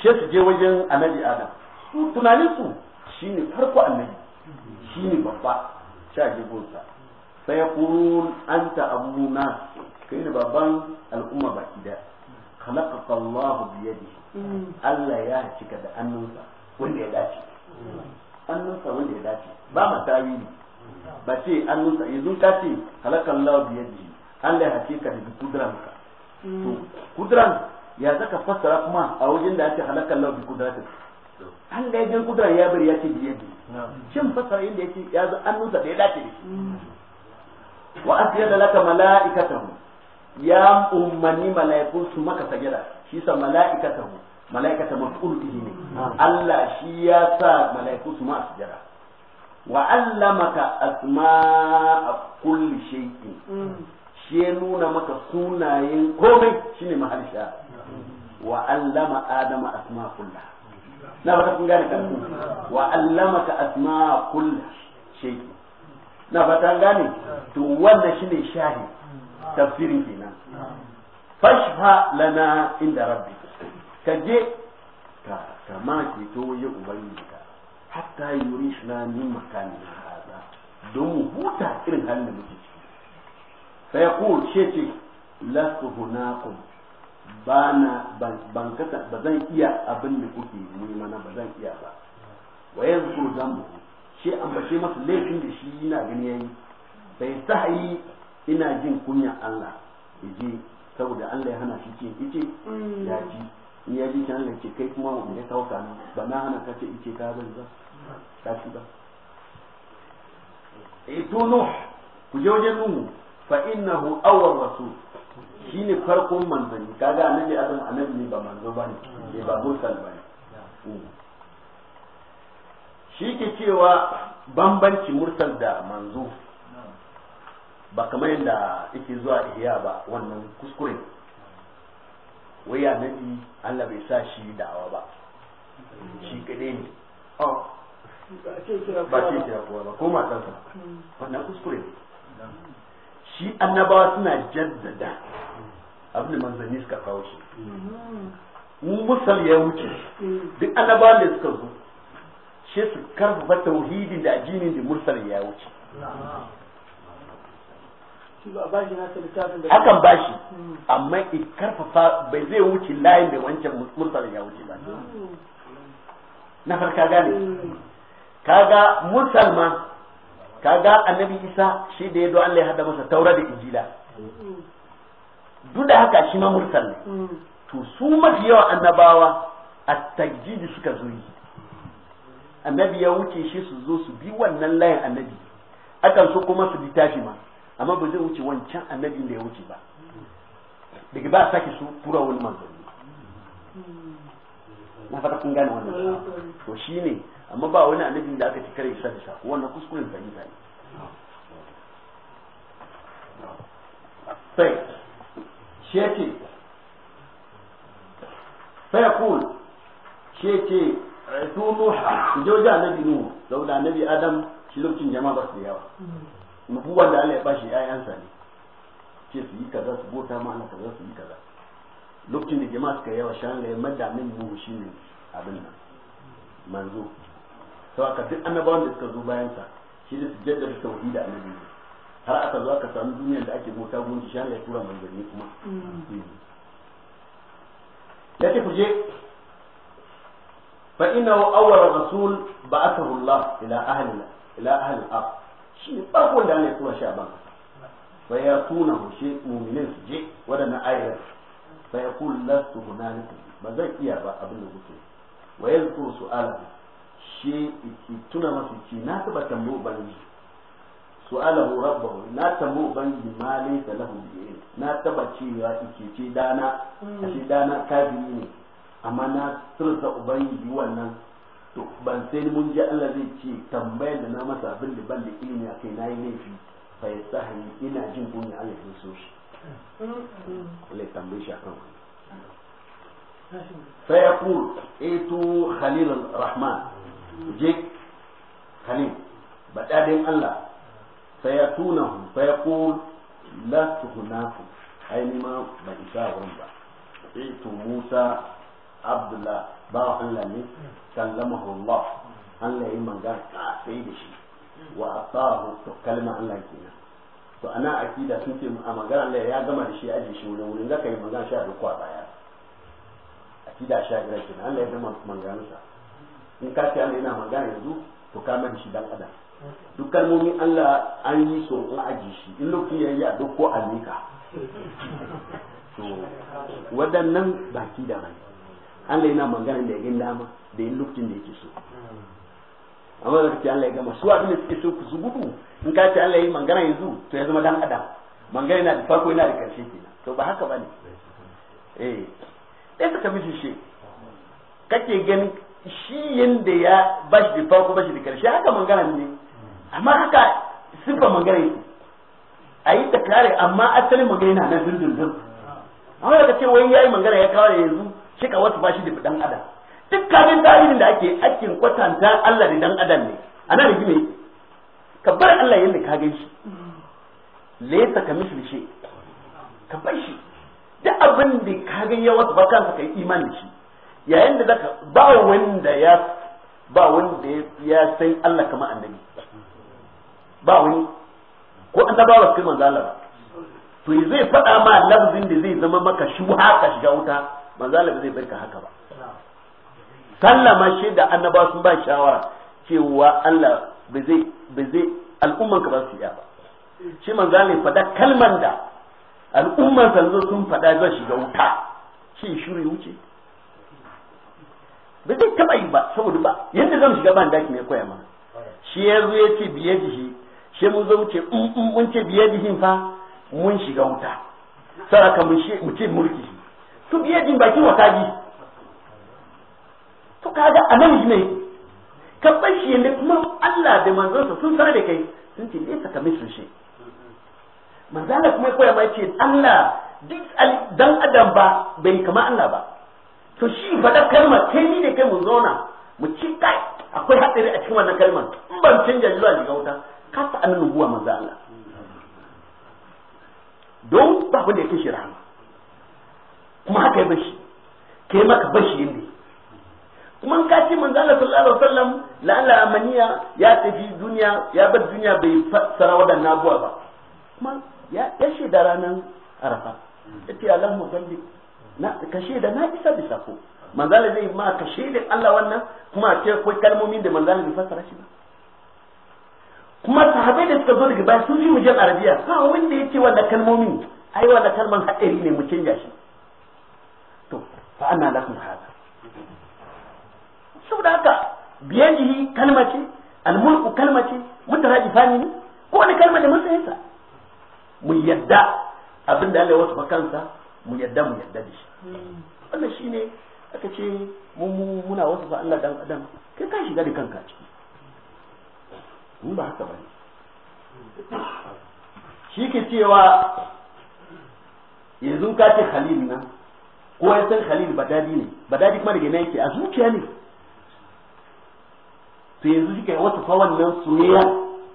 shi su je wajen annabi adam su tunanin su shine farko annabi shine babba sha je gonsa sai yaqul anta abuna kai ne babban al'umma ki da khalaqaka Allah bi yadihi mm. Allah ya cika da annunsa wanda ya dace an nusa wanda ya dace ba ma tawili ba ce an nusa yanzu ka ce halakan lawa biyar ji an ya hake ka daga kudran ka to kudran ya zaka fassara kuma a wajen da ake halakan lawa bi kudratin an da yajin kudran ya bari ya ce biyar ji shin fassara inda yake ya zo an nusa da ya dace da shi wa asiyada laka mala'ikatahu ya ummanni mala'ikun su maka sajada shi sa mala'ikatahu malaikata maf'ul bihi ne Allah shi ya sa malaiku su ma sujada wa allamaka asma'a kulli shay'in shi ya nuna maka sunayen komai shine mahalisha wa allama adama asma'a kulla. na ba ta kun gane kan wa allamaka asma'a kulli shay'in na ba ta gane to wannan shine shahi tafsirin kenan fashha lana inda rabbi ka je ka ma ke to ya ubangiji ka hatta yuri shi ni makani haza don huta irin halin da muke ciki sai ya kuwa ce ce lasu hunakum ba na ban kasa ba zan iya abin da kuke nema na ba zan iya ba wa yanzu zan mu shi bashe masa laifin da shi yana gani yayi bai sahayi ina jin kunya Allah yaje saboda Allah ya hana shi ce yace ya ji ya bi shi Allah ce kai kuma wanda ya kauka nan ba na hana ka ce ice ka bari ba ka ci ba eh to no ku je wajen nuhu fa innahu awwal rasul shine farkon manzanni kaga annabi adam annabi ne ba manzo bane ne ba mursal bane mm. shi ke cewa bambanci mursal da manzo ba kamar yadda ake zuwa ihya ba wannan kuskure wai ya annabi Allah bai sa shi da'awa ba shi kadai ne oh. ba ce kira kowa ba ko matansa hmm. wannan kuskure ne shi annabawa suna jaddada abin da manzanni suka kawo shi in hmm. musal ya wuce hmm. duk annabawa da suka zo shi su karfafa tauhidin da ajinin da mursal ya wuce akan bashi hmm. amma in karfafa bai zai wuce layin da wancan mursalin ya wuce ba na farka gane hmm. kaga mursal ma kaga annabi isa shi da ya do Allah ya hada masa taura da injila hmm. duk da haka shi ma mursal ne to su mafi yawan annabawa a tajjidi suka zo yi annabi ya wuce shi su zo su bi wannan layin annabi akan so kuma su bi tashi ma amma ba zai wuce wancan annabi da ya wuce ba daga ba a sake su tura wani manzanni na fata kun gane wannan to shine amma ba wani annabi da aka ci kare isa da sako wannan kuskuren fahimta zane. sai shi yake sai ya kun shi yake su nuha je jojo annabi nuhu da annabi adam shi lokacin jama'a ba su da yawa nubuwan da Allah ya bashi ƴaƴansa ne ce su yi kaza su bota ma na kaza su yi kaza lokacin da jama'a suka yawa shanga ya madda min shi ne abin nan manzo to aka duk annabawan da suka zo bayan sa shi ne su jaddada da annabi har aka zo aka samu duniyar da ake bota gunki shanga ya tura manzanni kuma mm. ce kuje fa inna awwal rasul ba'athahu Allah ila ahli ila ahli al-ardh shi farko da Allah ya tura shi a ban fa ya tuna hushe mu'minin su je wadannan ayyar fa ya kula lastu hunalika ba zan iya ba abin da kuke wa su su'ala shi ki tuna masu ki na taba tambo ubangiji su'alahu rabbahu na tambo ubangiji ma da lahu biye na taba cewa ki ce dana ashe dana kafiri ne amma na tursa ubangi wannan to ban sai mun ji Allah zai ce tambayar da na masa abin da ban da ilimi a kai nayi yi laifi fa ya sa ina jin kunya Allah ya so shi Allah ya shi akan wani sai ya ku eto eh Khalil Rahman je Khalil badadin Allah sai ya tuna fa ya ku la tuhunafu ai ma ba isa wurin ba eto eh Musa Abdullah ba Allah ne sallamahu Allah Allah layi manga ka sai da shi wa asahu to kalma Allah kenan to ana akida sun ce a magana Allah ya gama da shi a aje shi wurin wurin zaka yi magana sha duk a baya akida sha gira kenan Allah ya gama sa in ka ce Allah yana magana yanzu to ka mai shi dan adam duk kalmomin Allah an yi so in aji shi in lokacin yayi a duk ko a mika to waɗannan baki da rai Allah yana magana da yin dama da yin lokacin da yake so amma da kace Allah ya gama su abin da suke so su gudu in ka ce Allah ya yi magana yanzu to ya zama dan adam magana yana da farko yana da karshe ke to ba haka bane eh dai suka mishi shi kake ganin shi yanda ya bashi da farko bashi da karshe haka magana ne amma haka sifa magana yake a yi ta kare amma asalin magana na nan dindindin amma da kace wai yayi magana ya kawo yanzu shi ka wasu bashi da dan adam duk kafin tarihin da ake akin kwatanta Allah da dan adam ne ana da gine ka bar Allah yadda ka gan shi laysa ka misli shi ka bar shi duk abin da ka gan ya wasu bakan ka yi imani shi yayin da zaka ba wanda ya ba wanda ya san Allah kamar annabi ba wani ko an taba wasu kiman zalala Allah ba to zai faɗa ma lafzin da zai zama maka shuha ka shiga wuta manzo Allah zai barka haka ba sallah ma shi da annaba sun ba shawara cewa Allah ba zai ba zai al'umman ka ba su iya ba shi manzo ne fada kalman da al'umman sa sun fada zai shiga wuta shi shiru ya wuce ba zai taba yi ba saboda ba yadda zan shiga ban daki mai koya mana shi ya zo ya ce biye dihi shi mun zo wuce in mm, mm, mun ce biye dihin fa mun shiga wuta saraka mun ce mulki su biye jin bakin wakaji to kaga a ne ka bashi ne kuma Allah da sa sun sanar da kai sun ce saka ka misun shi manzala kuma koya mai ce Allah duk dan adam ba bai kama Allah ba to shi faɗa kalmar kai ni da kai mu zauna mu ci kai akwai hatsari a cikin wannan kalmar in ban canja zuwa ga wuta ka ta annabuwa manzo Allah don ba wanda yake shi kuma haka ya bashi kai maka bashi yinde kuma an kace manzo Allah sallallahu alaihi wasallam la amaniya ya tafi duniya ya bar duniya bai fara wadannan abuwa ba kuma ya ya da ranan arafa yace Allahumma salli na kashe da na isa da sako manzo Allah zai ma kashe da Allah wannan kuma ce ko kalmomin da manzo Allah bai fassara shi ba kuma sahabbai da suka zo daga baya sun yi mujal arabiya ba wanda yace wannan kalmomin ai wannan kalman hadari ne mu canja shi fa anna lakum hada saboda haka biyadihi kalma ce almulku kalma ce mutarajifani ne ko wani kalma da matsayinsa mu yadda abinda Allah ya wasu bakansa, mu yadda mu yadda da shi wannan shine aka ce mu muna wasu ba Allah dan adam kai ka shiga da kanka ciki mun ba haka bane shi ke cewa yanzu ka ce halil nan ko ya san Khalil Badadi ne Badadi kuma daga yake a zuciya ne to yanzu shi kai wata fawan nan soyayya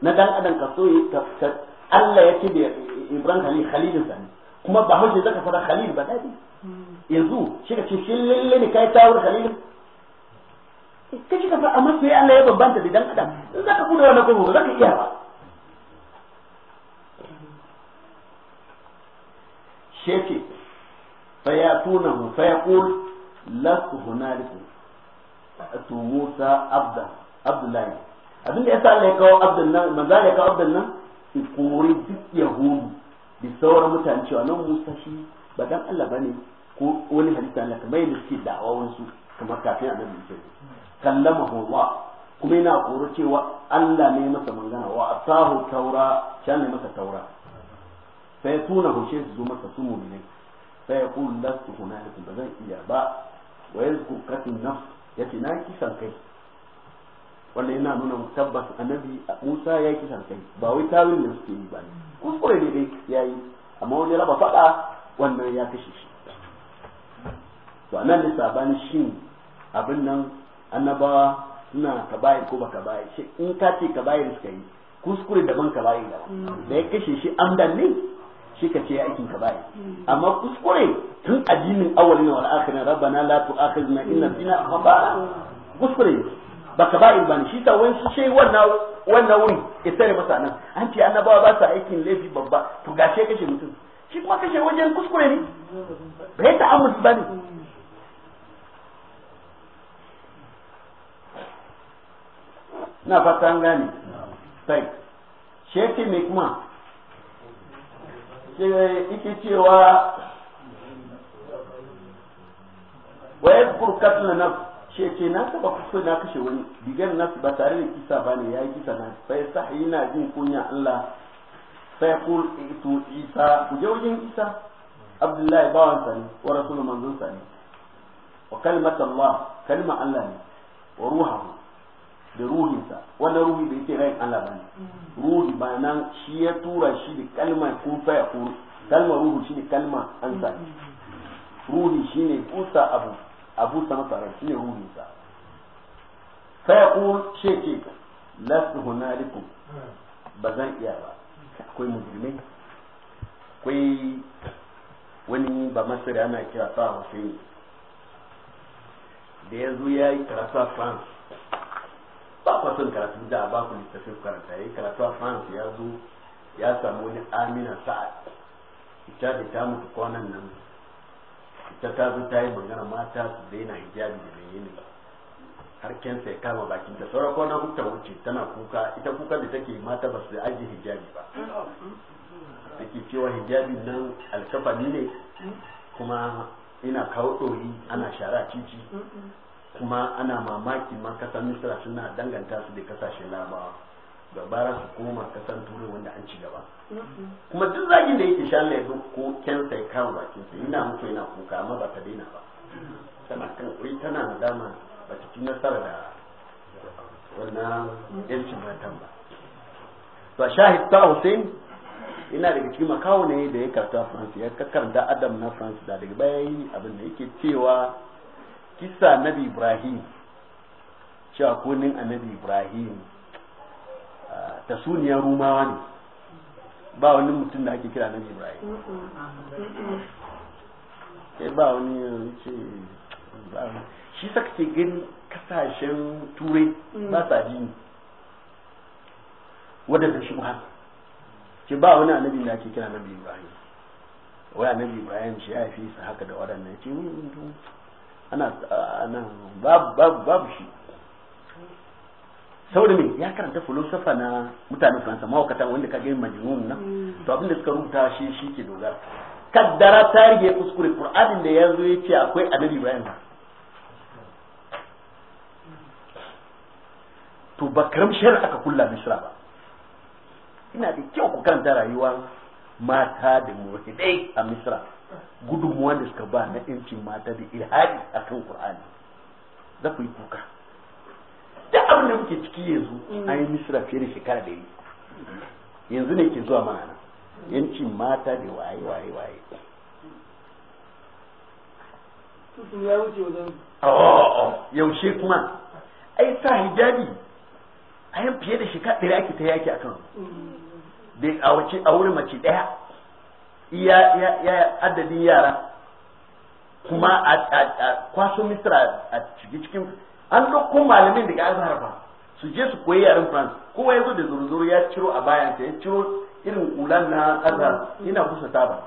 na dan adam ka soye so Allah ya ce da Ibrahim Khalil Khalil sa ne kuma ba hauce zaka fara Khalil Badadi yanzu shi ka ce shi lalle ne kai tawur Khalil ka ce ka fara amma sai Allah ya bambanta da dan adam in zaka kuma wannan kuma zaka iya ba shi فيأتونه فيقول لست هنالك أتو موسى عبدا عبد الله abin da ya sa Allah ya kawo abdul nan manzo ya kawo abdul nan ki kore duk yahudu da sauran mutane cewa nan Musa shi ba dan Allah bane ko wani halitta Allah kamar yadda suke da'awa wansu kamar kafin a annabi Isa kallama Allah kuma yana kore cewa Allah ne masa magana wa atahu taura shan ne masa taura sai tuna hushe su zo masa su mu'minin sai ya kun lasu hunalika ba zan iya ba wa yazku katin nafs yace na kisan kai wanda yana nuna mu tabbas annabi Musa ya kisan kai ba wai tawil ne suke yi ba kuskure ne dai yayi amma wani raba faɗa wannan ya kashe shi to anan ne sabani shin abin nan annabawa suna kabayi ko ba kabayi shi in ka ce kabayi suka yi kuskure daban kabayi daban da ya kashe shi amdan ne shi ka ce aikin ka bai amma kuskure tun addinin awalin wal akhirin rabbana la tu'akhidna in nasina khata kuskure ba ka bai bane shi ta wani shi wannan wannan wuri ya tare masa nan an ce annabawa ba sa aikin laifi babba to gashe kashe mutum shi kuma kashe wajen kuskure ne bai ta'amus ne na fata an gane sai shefe mai kuma ike cewa waye kurkat na nafs ce na taba kusa na kashe wani na nafs ba tare da kisa ba ne ya yi kisa na sai sahi na jin kunya Allah sai kul itu isa ku je wajen isa abdullahi bawan sa ne wa rasulun manzon sa wa kalmat kalma Allah ne wa ruhahu da ruhinsa wanda ruhi da yake rayin Allah bane ruhi ba nan shi ya tura shi da kalma kun fa ya kalma ruhu shi ne kalma an sa ruhi shi ne kusa abu abu san fara shi ne ruhin sa fa ya kun ce ce lasu hunaliku ba zan iya ba akwai mujrimai akwai wani ba masar ana kira sa Hussein da ya zo ya yi karasa France ba kwa son karatu da a baku littafin karanta eh, karatu a France ya zo ya samu wani Amina Sa'ad ita da ta mutu kwanan nan ita ta zo ta yi magana mata su daina hijabi da mai yini har kensa ya kama bakin ta sauran kwanan hukta wuce tana kuka ita kuka da take mata ba su ajiye hijabi ba take cewa hijabi nan alkafani ne kuma ina kawo ɗori ana shara cici kuma ana mamaki ma kasar misira suna danganta su da kasashen labawa gabara su koma kasan turai wanda an ci gaba kuma duk zagin da yake shan laifin ko kensa ya kawo bakinsa ina mutu ina kuka amma ba ta daina ba tana kan kuri tana dama ba ta ci nasara da wannan yancin matan ba to shahid ta hussein ina daga cikin makawo ne da ya karta france ya da adam na france da daga baya abin da yake cewa kisa nabi ibrahim cewa kunin annabi ibrahim ta suniyar rumawa ne ba wani mutum da ake kira nabi ibrahim sai eh, ba wani ce shi saka ce gani kasashen turai ba sa jini, wadanda shi ba ce ba wani annabi da ake kira nabi ibrahim wani annabi ibrahim shi ya fi haka da waɗannan ce ana nan babu babu babu shi saboda me ya karanta filosofa na mutane faransa mawakata wanda ka gani majinun nan mm. to abin suka rubuta shi shi ke dogara kaddara tarihi ya kuskure qur'anin da ya zo ya ce akwai annabi bayan sa to ba karamshiyar aka kulla misra ba ina da kyau ku karanta rayuwar mata da muridai a misra gudunmuwan da suka ba na yancin mata da ilhari a kan ƙur'ani za ku yi kuka Da abin da muke ciki yanzu mm. an yi misira fiye da shekara da yi yanzu ne ke zuwa mana yancin mata da waye waye waye ya wuce oh, yaushe kuma ai sa hijabi a yan fiye da shekara ɗari ake ta yaki akan mm. da a wuri mace ɗaya iya ya adadin yara kuma a kwaso mistra a cikin an ɗauko malamin daga azhar ba su je su koyi yaren france kowa ya zo da zurzuru ya ciro a bayan ya ciro irin kulan na azhar ina kusa ta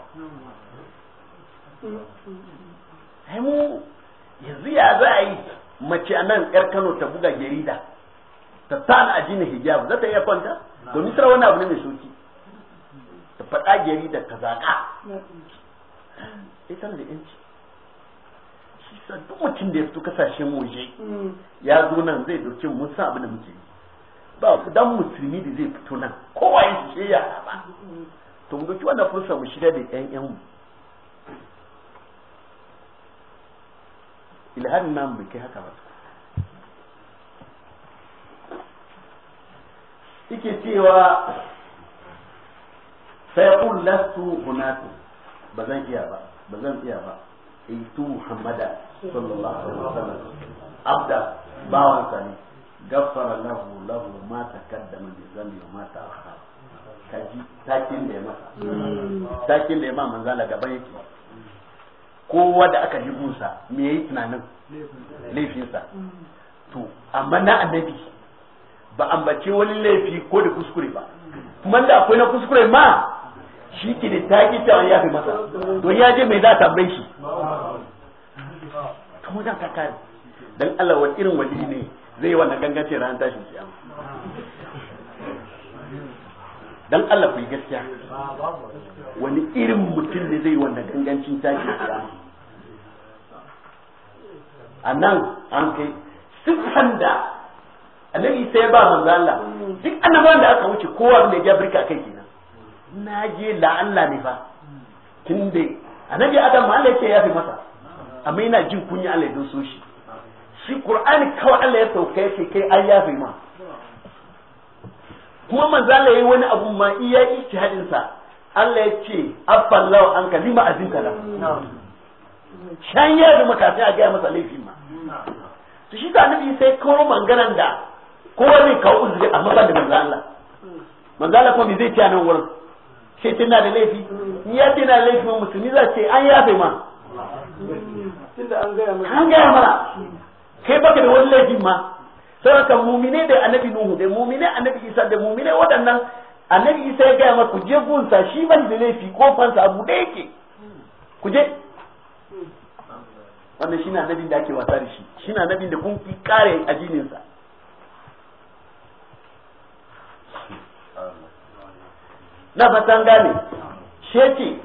sai mu yanzu ya za a yi mace a nan yar kano ta buga jarida ta tana a jini hijab za iya kwanta domin sarar wani abu ne mai soki da faɗa gari da kazaka ita da yanci shi duk mutum da ya fito kasashen waje ya zo nan zai dauke mun san abin da muke ba dan musulmi da zai fito nan kowa ya ce ya ba to mu doki wannan fursa mu shiga da ƴan ƴan mu ilhan nan bai kai haka ba Ike cewa sai yaqul lastu hunatu bazan iya ba bazan iya ba tu muhammada sallallahu alaihi wasallam abda bawan sa ne gaffara lahu lahu ma takaddama min dhanbi wa ma ta'akhkhara kaji takin da ya masa hmm. takin da ya ma manzala gaban yake kowa da aka yi musa me yayi tunanin sa to amma na annabi ba ambace wani laifi ko da kuskure ba kuma da akwai na kuskure ma shi ke da ta ki cewa ya fi masa to ya je mai za ta bai shi to mu ka kare dan Allah wa irin wali ne zai yi wannan gangancin ran tashin kiyama dan Allah ku yi gaskiya wani irin mutum ne zai yi wannan gangancin tashin kiyama a nan an kai sukan da annabi sai ba manzo Allah duk annabawan da aka wuce kowa ne ya birka kai kenan na je Allah ne ba tun da annabi adam Allah yake yafi masa amma ina jin kunya Allah ya doso shi shi qur'ani kawai Allah ya sauka yake kai an yafi ma kuma manzo Allah yayi wani abu ma iya ijtihadin sa Allah ya ce afallahu anka lima azinka la shan ya da makafi a gaya masa laifi ma to shi da annabi sai kawo manganan da kowa zai kawo uzuri amma ban da manzo Allah manzo Allah zai ci a nan wurin ce tana da laifi mm. in ya ce na da laifi musulmi za ce an yafe ma an gaya mana kai baka da wani laifin ma saboda mumine da annabi nuhu da mumine annabi isa da mumine waɗannan annabi isa ya gaya maka ku je gunsa shi ban da laifi ko fansa abu da yake ku je wannan shi na annabin da ake wasa da shi shi na annabin da kun fi kare ajininsa na fatan gane shi yake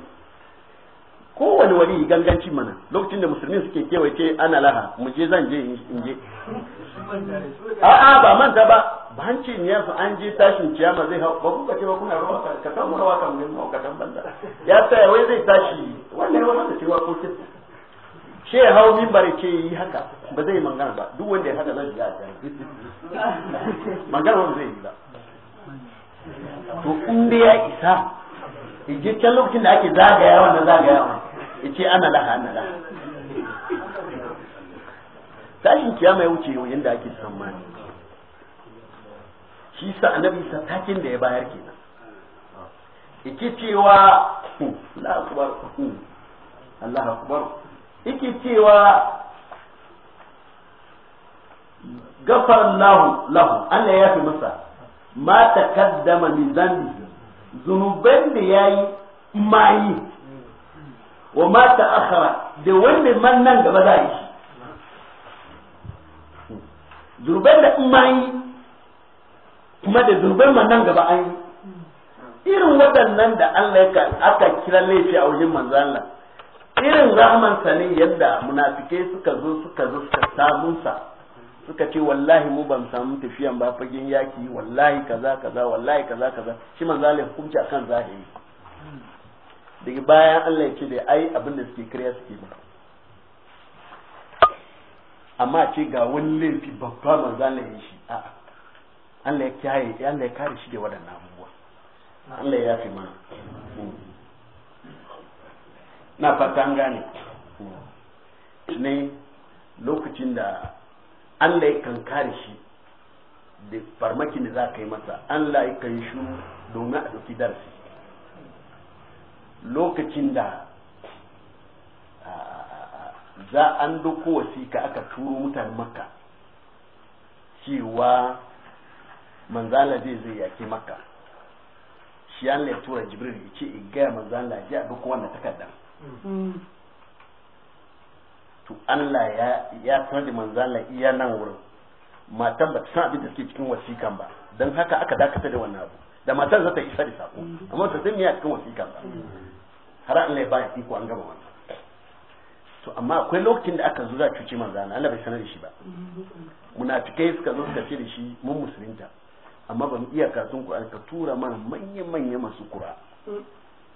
kowane wani ganganci mana lokacin da musulmi suke kewaye ana laha mu je zan je in je a'a ba manta ba ce ne yafi an je tashin ciyama zai hau ba kuka ce ba kuna rawa ka san rawa kan mun ka katan banda ya tsaya wai zai tashi wannan rawa da cewa ko kin she hau minbar ce yi haka ba zai mangana ba duk wanda ya haka zai ji a magana ba zai yi ba to in dai ya isa je can lokacin da ake zagaya wanda zagaya wa, ya ce ana laha ana laha tashin kiyama ya wuce yanda ake tsammani shi sa annabi sa takin da ya bayar nan yake cewa hmm, Allah akbar hmm, Allah akbar yake cewa gafar lahu lahu Allah ya fi masa ma takaddama min zambi zunuban da yayi yi wa ma ta'akhara da wanda man nan gaba za a yi zunuban da yi kuma da zunuban man nan gaba an yi irin waɗannan da Allah ya aka kira laifi a wajen manzo Allah irin rahman sani yadda munafike suka zo suka zo suka samunsa suka ce wallahi mu ban samu tafiyan ba fagen yaki wallahi kaza kaza wallahi kaza kaza shi man zalim hukunci akan zahiri daga baya Allah ya ce da ai abin da suke kariya suke ba amma ce ga wani laifi babba man zalim ya shi a'a Allah ya kiyaye Allah ya kare shi da wadannan abubuwa Allah ya fi mana na fata an gane ne lokacin da Allah yakan kare shi da farmakin da za ka yi masa Allah yakan shu domin a ɗauki darasi lokacin da za an doko wasika aka turo mutanen makka cewa manzala zai zai yaki makka shi Allah ya tura jibril ya ce in gaya manzala ya doko wannan takardar hmm. to Allah ya ya sanar da manzo Allah iya nan wurin matan ba ta san abin da suke cikin wasikan ba dan haka aka dakata da wannan abu da matan za ta isa da sako amma ta san miya cikin wasikan ba har Allah ya ba ko an gama wannan to amma akwai lokacin da aka zo za cuci manzo Allah bai sanar da shi ba munafikai suka zo suka ce da shi mun musulunta amma ba mu iya kasun ku ka tura mana manyan manya masu kura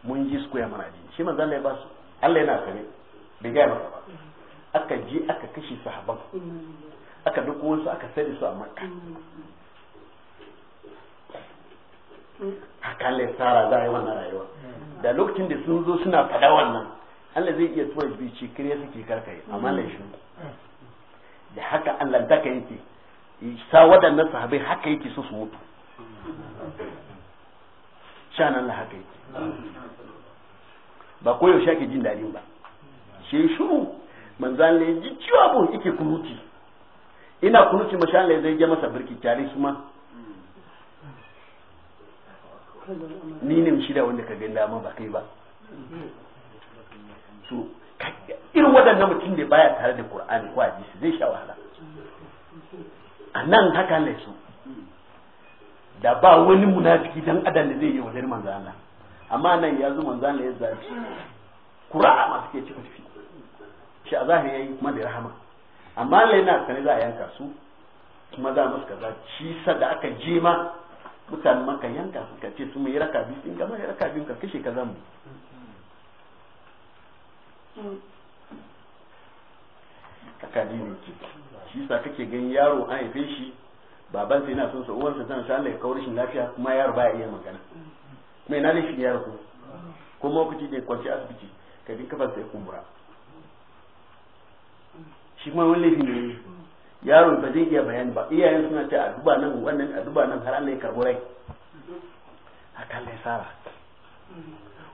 mun ji su koya mana ji shi manzo Allah ya ba su Allah yana sane bai ga maka ba aka je aka kashe sahaban mm. aka duk wasu aka sani su a makka mm. hakalin tsara za a yi wannan rayuwa mm. da lokacin da sun zo suna fada wannan allah zai iya tuwa bi ce kiriya suke karkai amma shi da haka allah ka yake sa waɗannan sahabai haka yake so su mutu shanan Allah haka yake ba koyaushe ake jin daɗin ba shi shuru manzan ne ji ciwa abun ike kunuti ina kunuti mashan ne zai je masa birki tare su ma ni ne shida wanda ka gani dama ba kai ba so irin waɗannan mutum da baya tare da qur'ani ko hadisi zai sha wahala a nan haka ne su da ba wani munafiki dan adam da zai yi wajen manzan Allah amma nan ya zo manzo Allah ya zabi qur'ani ma suke cikin tafi shi a zahiri yayi kuma da rahama amma Allah yana sane za a yanka su kuma za musu kaza ci da aka je ma mutane maka yanka ka ce su mai raka biyu sun gama raka biyu ka kashe za mu haka dini ce shi sa kake ganin yaro an haife shi baban sai yana son sa uwansa tana sa Allah ya kawo rashin lafiya kuma yaro baya iya magana mai na laifi yaro ko kuma lokaci da kwanci asibiti ka bi kafar sai kumbura shi ma wani laifi ne yaro ba zai iya bayani ba iyayen suna ce a duba nan wannan a duba nan har Allah ya karbo rai haka Allah ya sara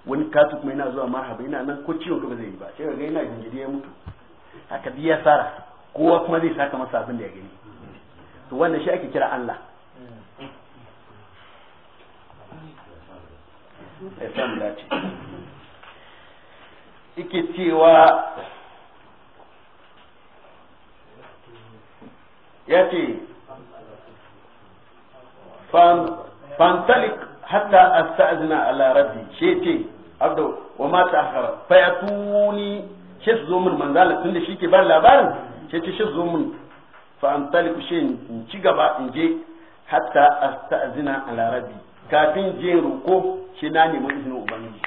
wani katu kuma yana zuwa marhaba yana nan ko ciwon ba zai yi ba sai ga yana jinjiri ya mutu haka biya sara kowa kuma zai saka masa abin da ya gani to wannan shi ake kira Allah ya samu dace ike cewa ya ce fantalik hatta asta'zina ala rabbi she ce abdu wa ma ta'akhara fa yatuni she su zo min manzala tun da shike ba labarin she ce she zo min antalik she in ci gaba in je hatta asta'zina ala rabbi kafin je ruko shi na nemi izinin ubangiji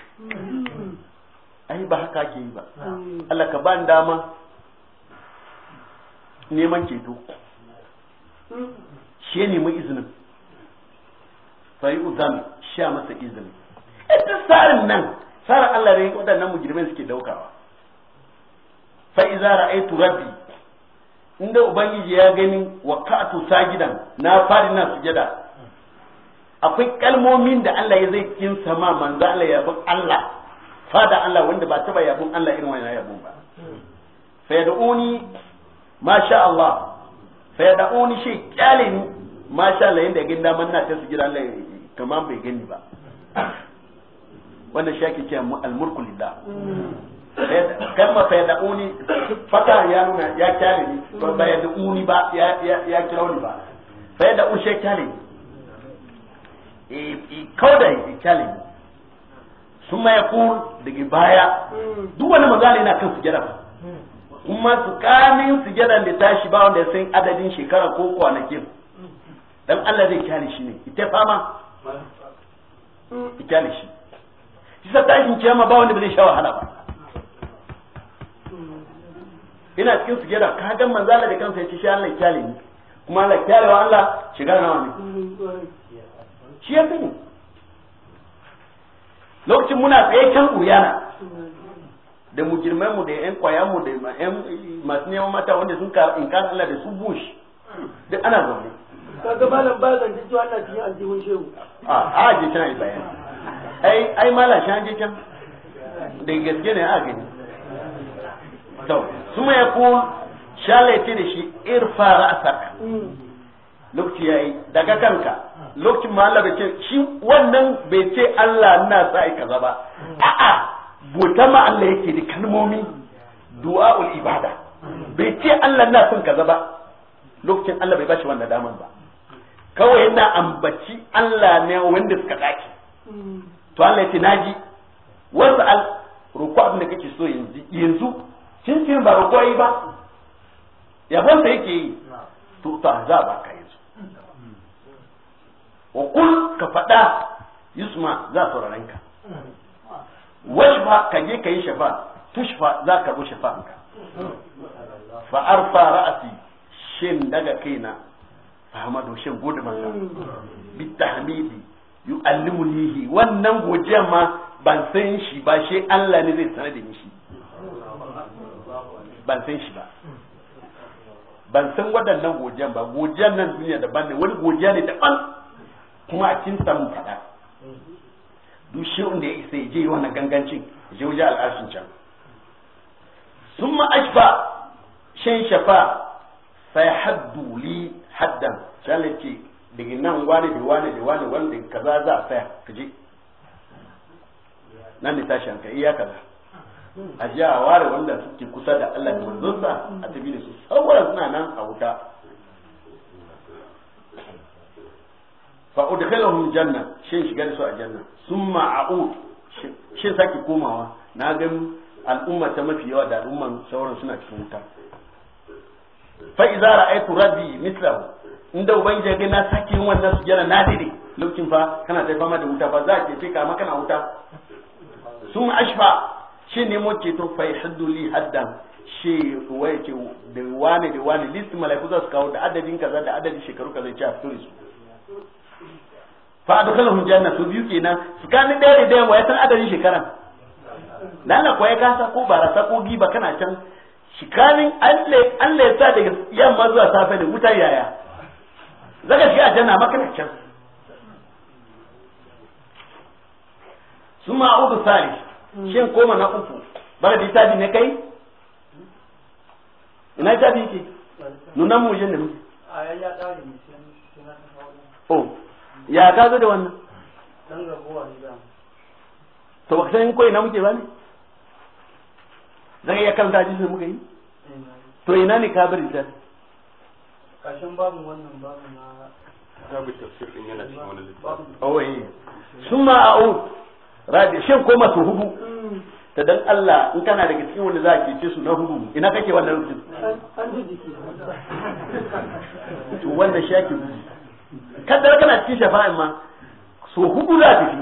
ai ba haka ke yi ba hmm. Allah ka ban dama neman ceto shi ne mai izinin sai uzan sha masa izini ita tsarin nan tsarin Allah ne waɗannan mujrimai suke daukawa fa iza ra'aytu rabbi inda ubangiji ya gani wa ka'atu sajidan na fadi na sujada akwai kalmomin da Allah ya zai kin sama manzo Allah ya bin Allah fada Allah wanda ba taba yabon Allah irin wannan yabon ba fa yad'uni ma sha Allah fa ya da'uni shi kyale ni masha Allah yanda gin man na ta sujira Allah kamar bai gani ba wannan shi ake cewa al-mulku lillah kalma fa ya da'uni fata ya nuna ya kyale ni to ba ya ni ba ya ya kira ni ba fa ya da'uni shi kyale ni e, e kauda ya kyale ni sun ma ya daga baya duk wani magana yana kan sujira ba kuma tsakanin sujadan mai tashi ba wanda ya san adadin shekara ko kwanakin dan Allah zai kyale shi ne ita fama kyale shi kisa tashin kiyama ba wanda ba zai sha wahala ba ina cikin su sujada ka ga manzo Allah da kansa ya ce shi Allah kyale ni kuma Allah kyale wa Allah shiga nawa ne shi ya sani lokacin muna tsaye can uyana da mujirmai mu da yan kwaya mu da yan masu neman mata wanda sun ka in kan Allah da su bush duk ana zaune kaga malam ba zan ji Allah ji aljihun shehu a a je can ibaya ai ai mala shan je can da gaske ne a gani to kuma ya ko shale ce da shi irfa ra'sak lokaci yayi daga kanka lokacin ma Allah bai ce shi wannan bai ce Allah ina sa kaza ba a'a bota ma Allah yake da kalmomi du'a'ul ibada bai ce Allah na son kaza ba lokacin Allah bai bashi wannan daman ba kawai yana ambaci Allah ne wanda suka daki to Allah yake naji wasu al roƙo abin da kake so yanzu yanzu kin ba roƙo ba yabon da yake yi to ta za ba ka yanzu wa kul ka faɗa yusma za su raranka washfa ka je ka yi shafa tushfa za ka karɓi shafa fa arfa ra'asi shin daga kaina Ahmadu shin gode maka bi tahmidi yu'allimuni wannan gojiya ma ban san shi ba shi Allah ne zai sanar da ni shi ban san shi ba ban san waɗannan gojiyan ba gojiyan nan duniya daban ne wani gojiya ne daban kuma a cikin samun faɗa duk shi'un da ya isa ya je wannan gangancin je wajen al'arshin can sun ma'ashfa shan shafa sai haddu li haddan shalai daga nan wani da wani da wani wanda kaza za a saya ka je nan da tashi hankali iya kaza a ji a ware wanda suke kusa da Allah da manzonsa a tafi da su sauran suna nan a wuta fa udkhiluhum janna shin shiga da su a janna summa au shin saki komawa na ga al'umma ta mafi yawa da umman sauran suna cikin wuta fa idza ra'aytu rabbi mithlahu inda ubangiji ga na saki wannan sujjana na dide lokacin fa kana ta fama da wuta ba za ke ce ka kana wuta sun ashfa shi ne mu ceto fa haddu li haddan shi waye ce da wani da wani list malaiku za su kawo da adadin kaza da adadin shekaru kaza ya ce a fito fa adkhalahum janna su biyu kenan tsakanin ni da daya ya san adadin shekara lana ko ka sa ko barasa ko giba kana can shikanin alle alle sa daga yamma zuwa safe da wutar yaya zaka shi a janna maka na can suma udu sali shin koma na uku bara da tabi ne kai ina tabi ke nuna mu jin mu a ya dawo ne sai na ta ya ka zo da wannan to ba san koyi na muke ba ne zan iya kanta ji sai muka yi to ina ne ka bari ta kashin babu wannan babu na babu tafsir din yana cikin wani littafi oh eh summa a'ud rabi shin ko masu hubu mm. ta dan Allah in kana daga cikin wanda za a cece su na hudu ina kake wannan jiki to wanda shi ake rubutu kaddara kana cikin shafa'in ma so hudu za tafi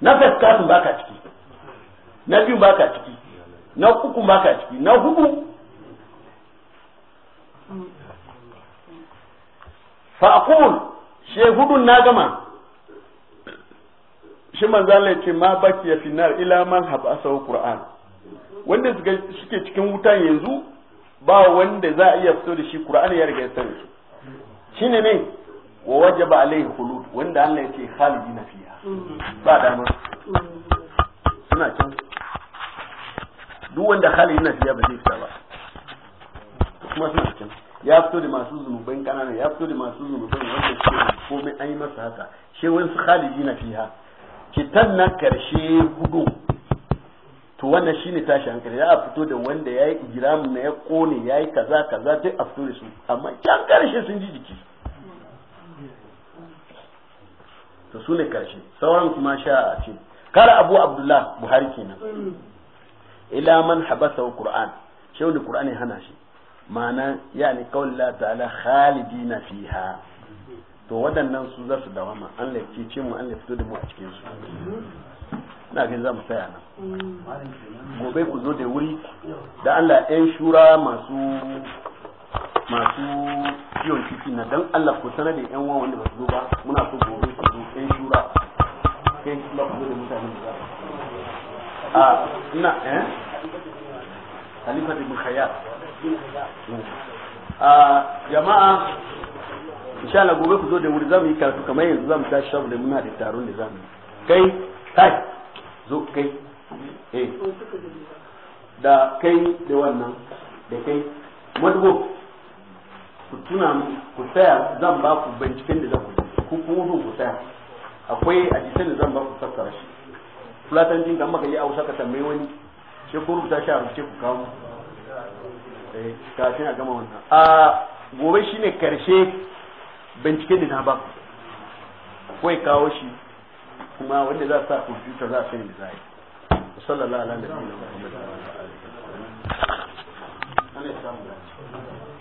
na first ba ka ciki na biyu ka ciki na uku ka ciki na hudu fa'akun aqul she hudun na gama shi manzala ce ma baki ya finar ila man habasa ƙura'an wanda suke cikin wutan yanzu ba wanda za a iya fito da shi ƙura'an ya riga ya sani ne ne wa wajaba alaihi khulud wanda Allah ya ce na fiya ba dama suna can duk wanda na fiya ba zai fita ba kuma suna can ya fito da masu zunuban kanana ya fito da masu zunuban wanda suke komai an yi masa haka shi wani su na fiya ki na karshe hudu to wannan shine tashi hankali za a fito da wanda ya yi ijiramu na ya kone ya yi kaza kaza duk a fito da su amma can karshe sun ji jiki to su ne karshe sauran kuma sha a ce kara abu abdullah buhari kenan ila man habasa qur'an shehu da qur'ani hana shi ma'ana yani kawai la ta'ala khalidina fiha to waɗannan su za su dawama an laifi ce mu an fito da mu a cikin su na ga za mu tsaya nan mm. gobe ku zo da wuri da Allah ɗan shura masu masu kiwon kifi na dan Allah ku sanar da yan uwan wanda ba su zo ba muna so gobe su zo yan shura kai kuma ku da mutane da a ah, ina eh Khalifa ibn Mukhaya a ah, jama'a insha Allah gobe ku zo da wuri zamu yi karatu kamar yanzu zamu tashi da muna da taron da zamu kai kai zo kai eh da kai da wannan da kai madugo ku tuna ku tsaya zan ba ku binciken da zan ku ku kuma zo ku tsaya akwai a cikin da zan ba ku fassara shi fulatancin kan maka yi ausa ka tambayi wani sai ku rubuta shi a rubuce ku kawo eh kafin a gama wannan a gobe shine karshe binciken da na ba ku kai kawo shi kuma wanda za sa computer za a sani da za yi sallallahu alaihi wa sallam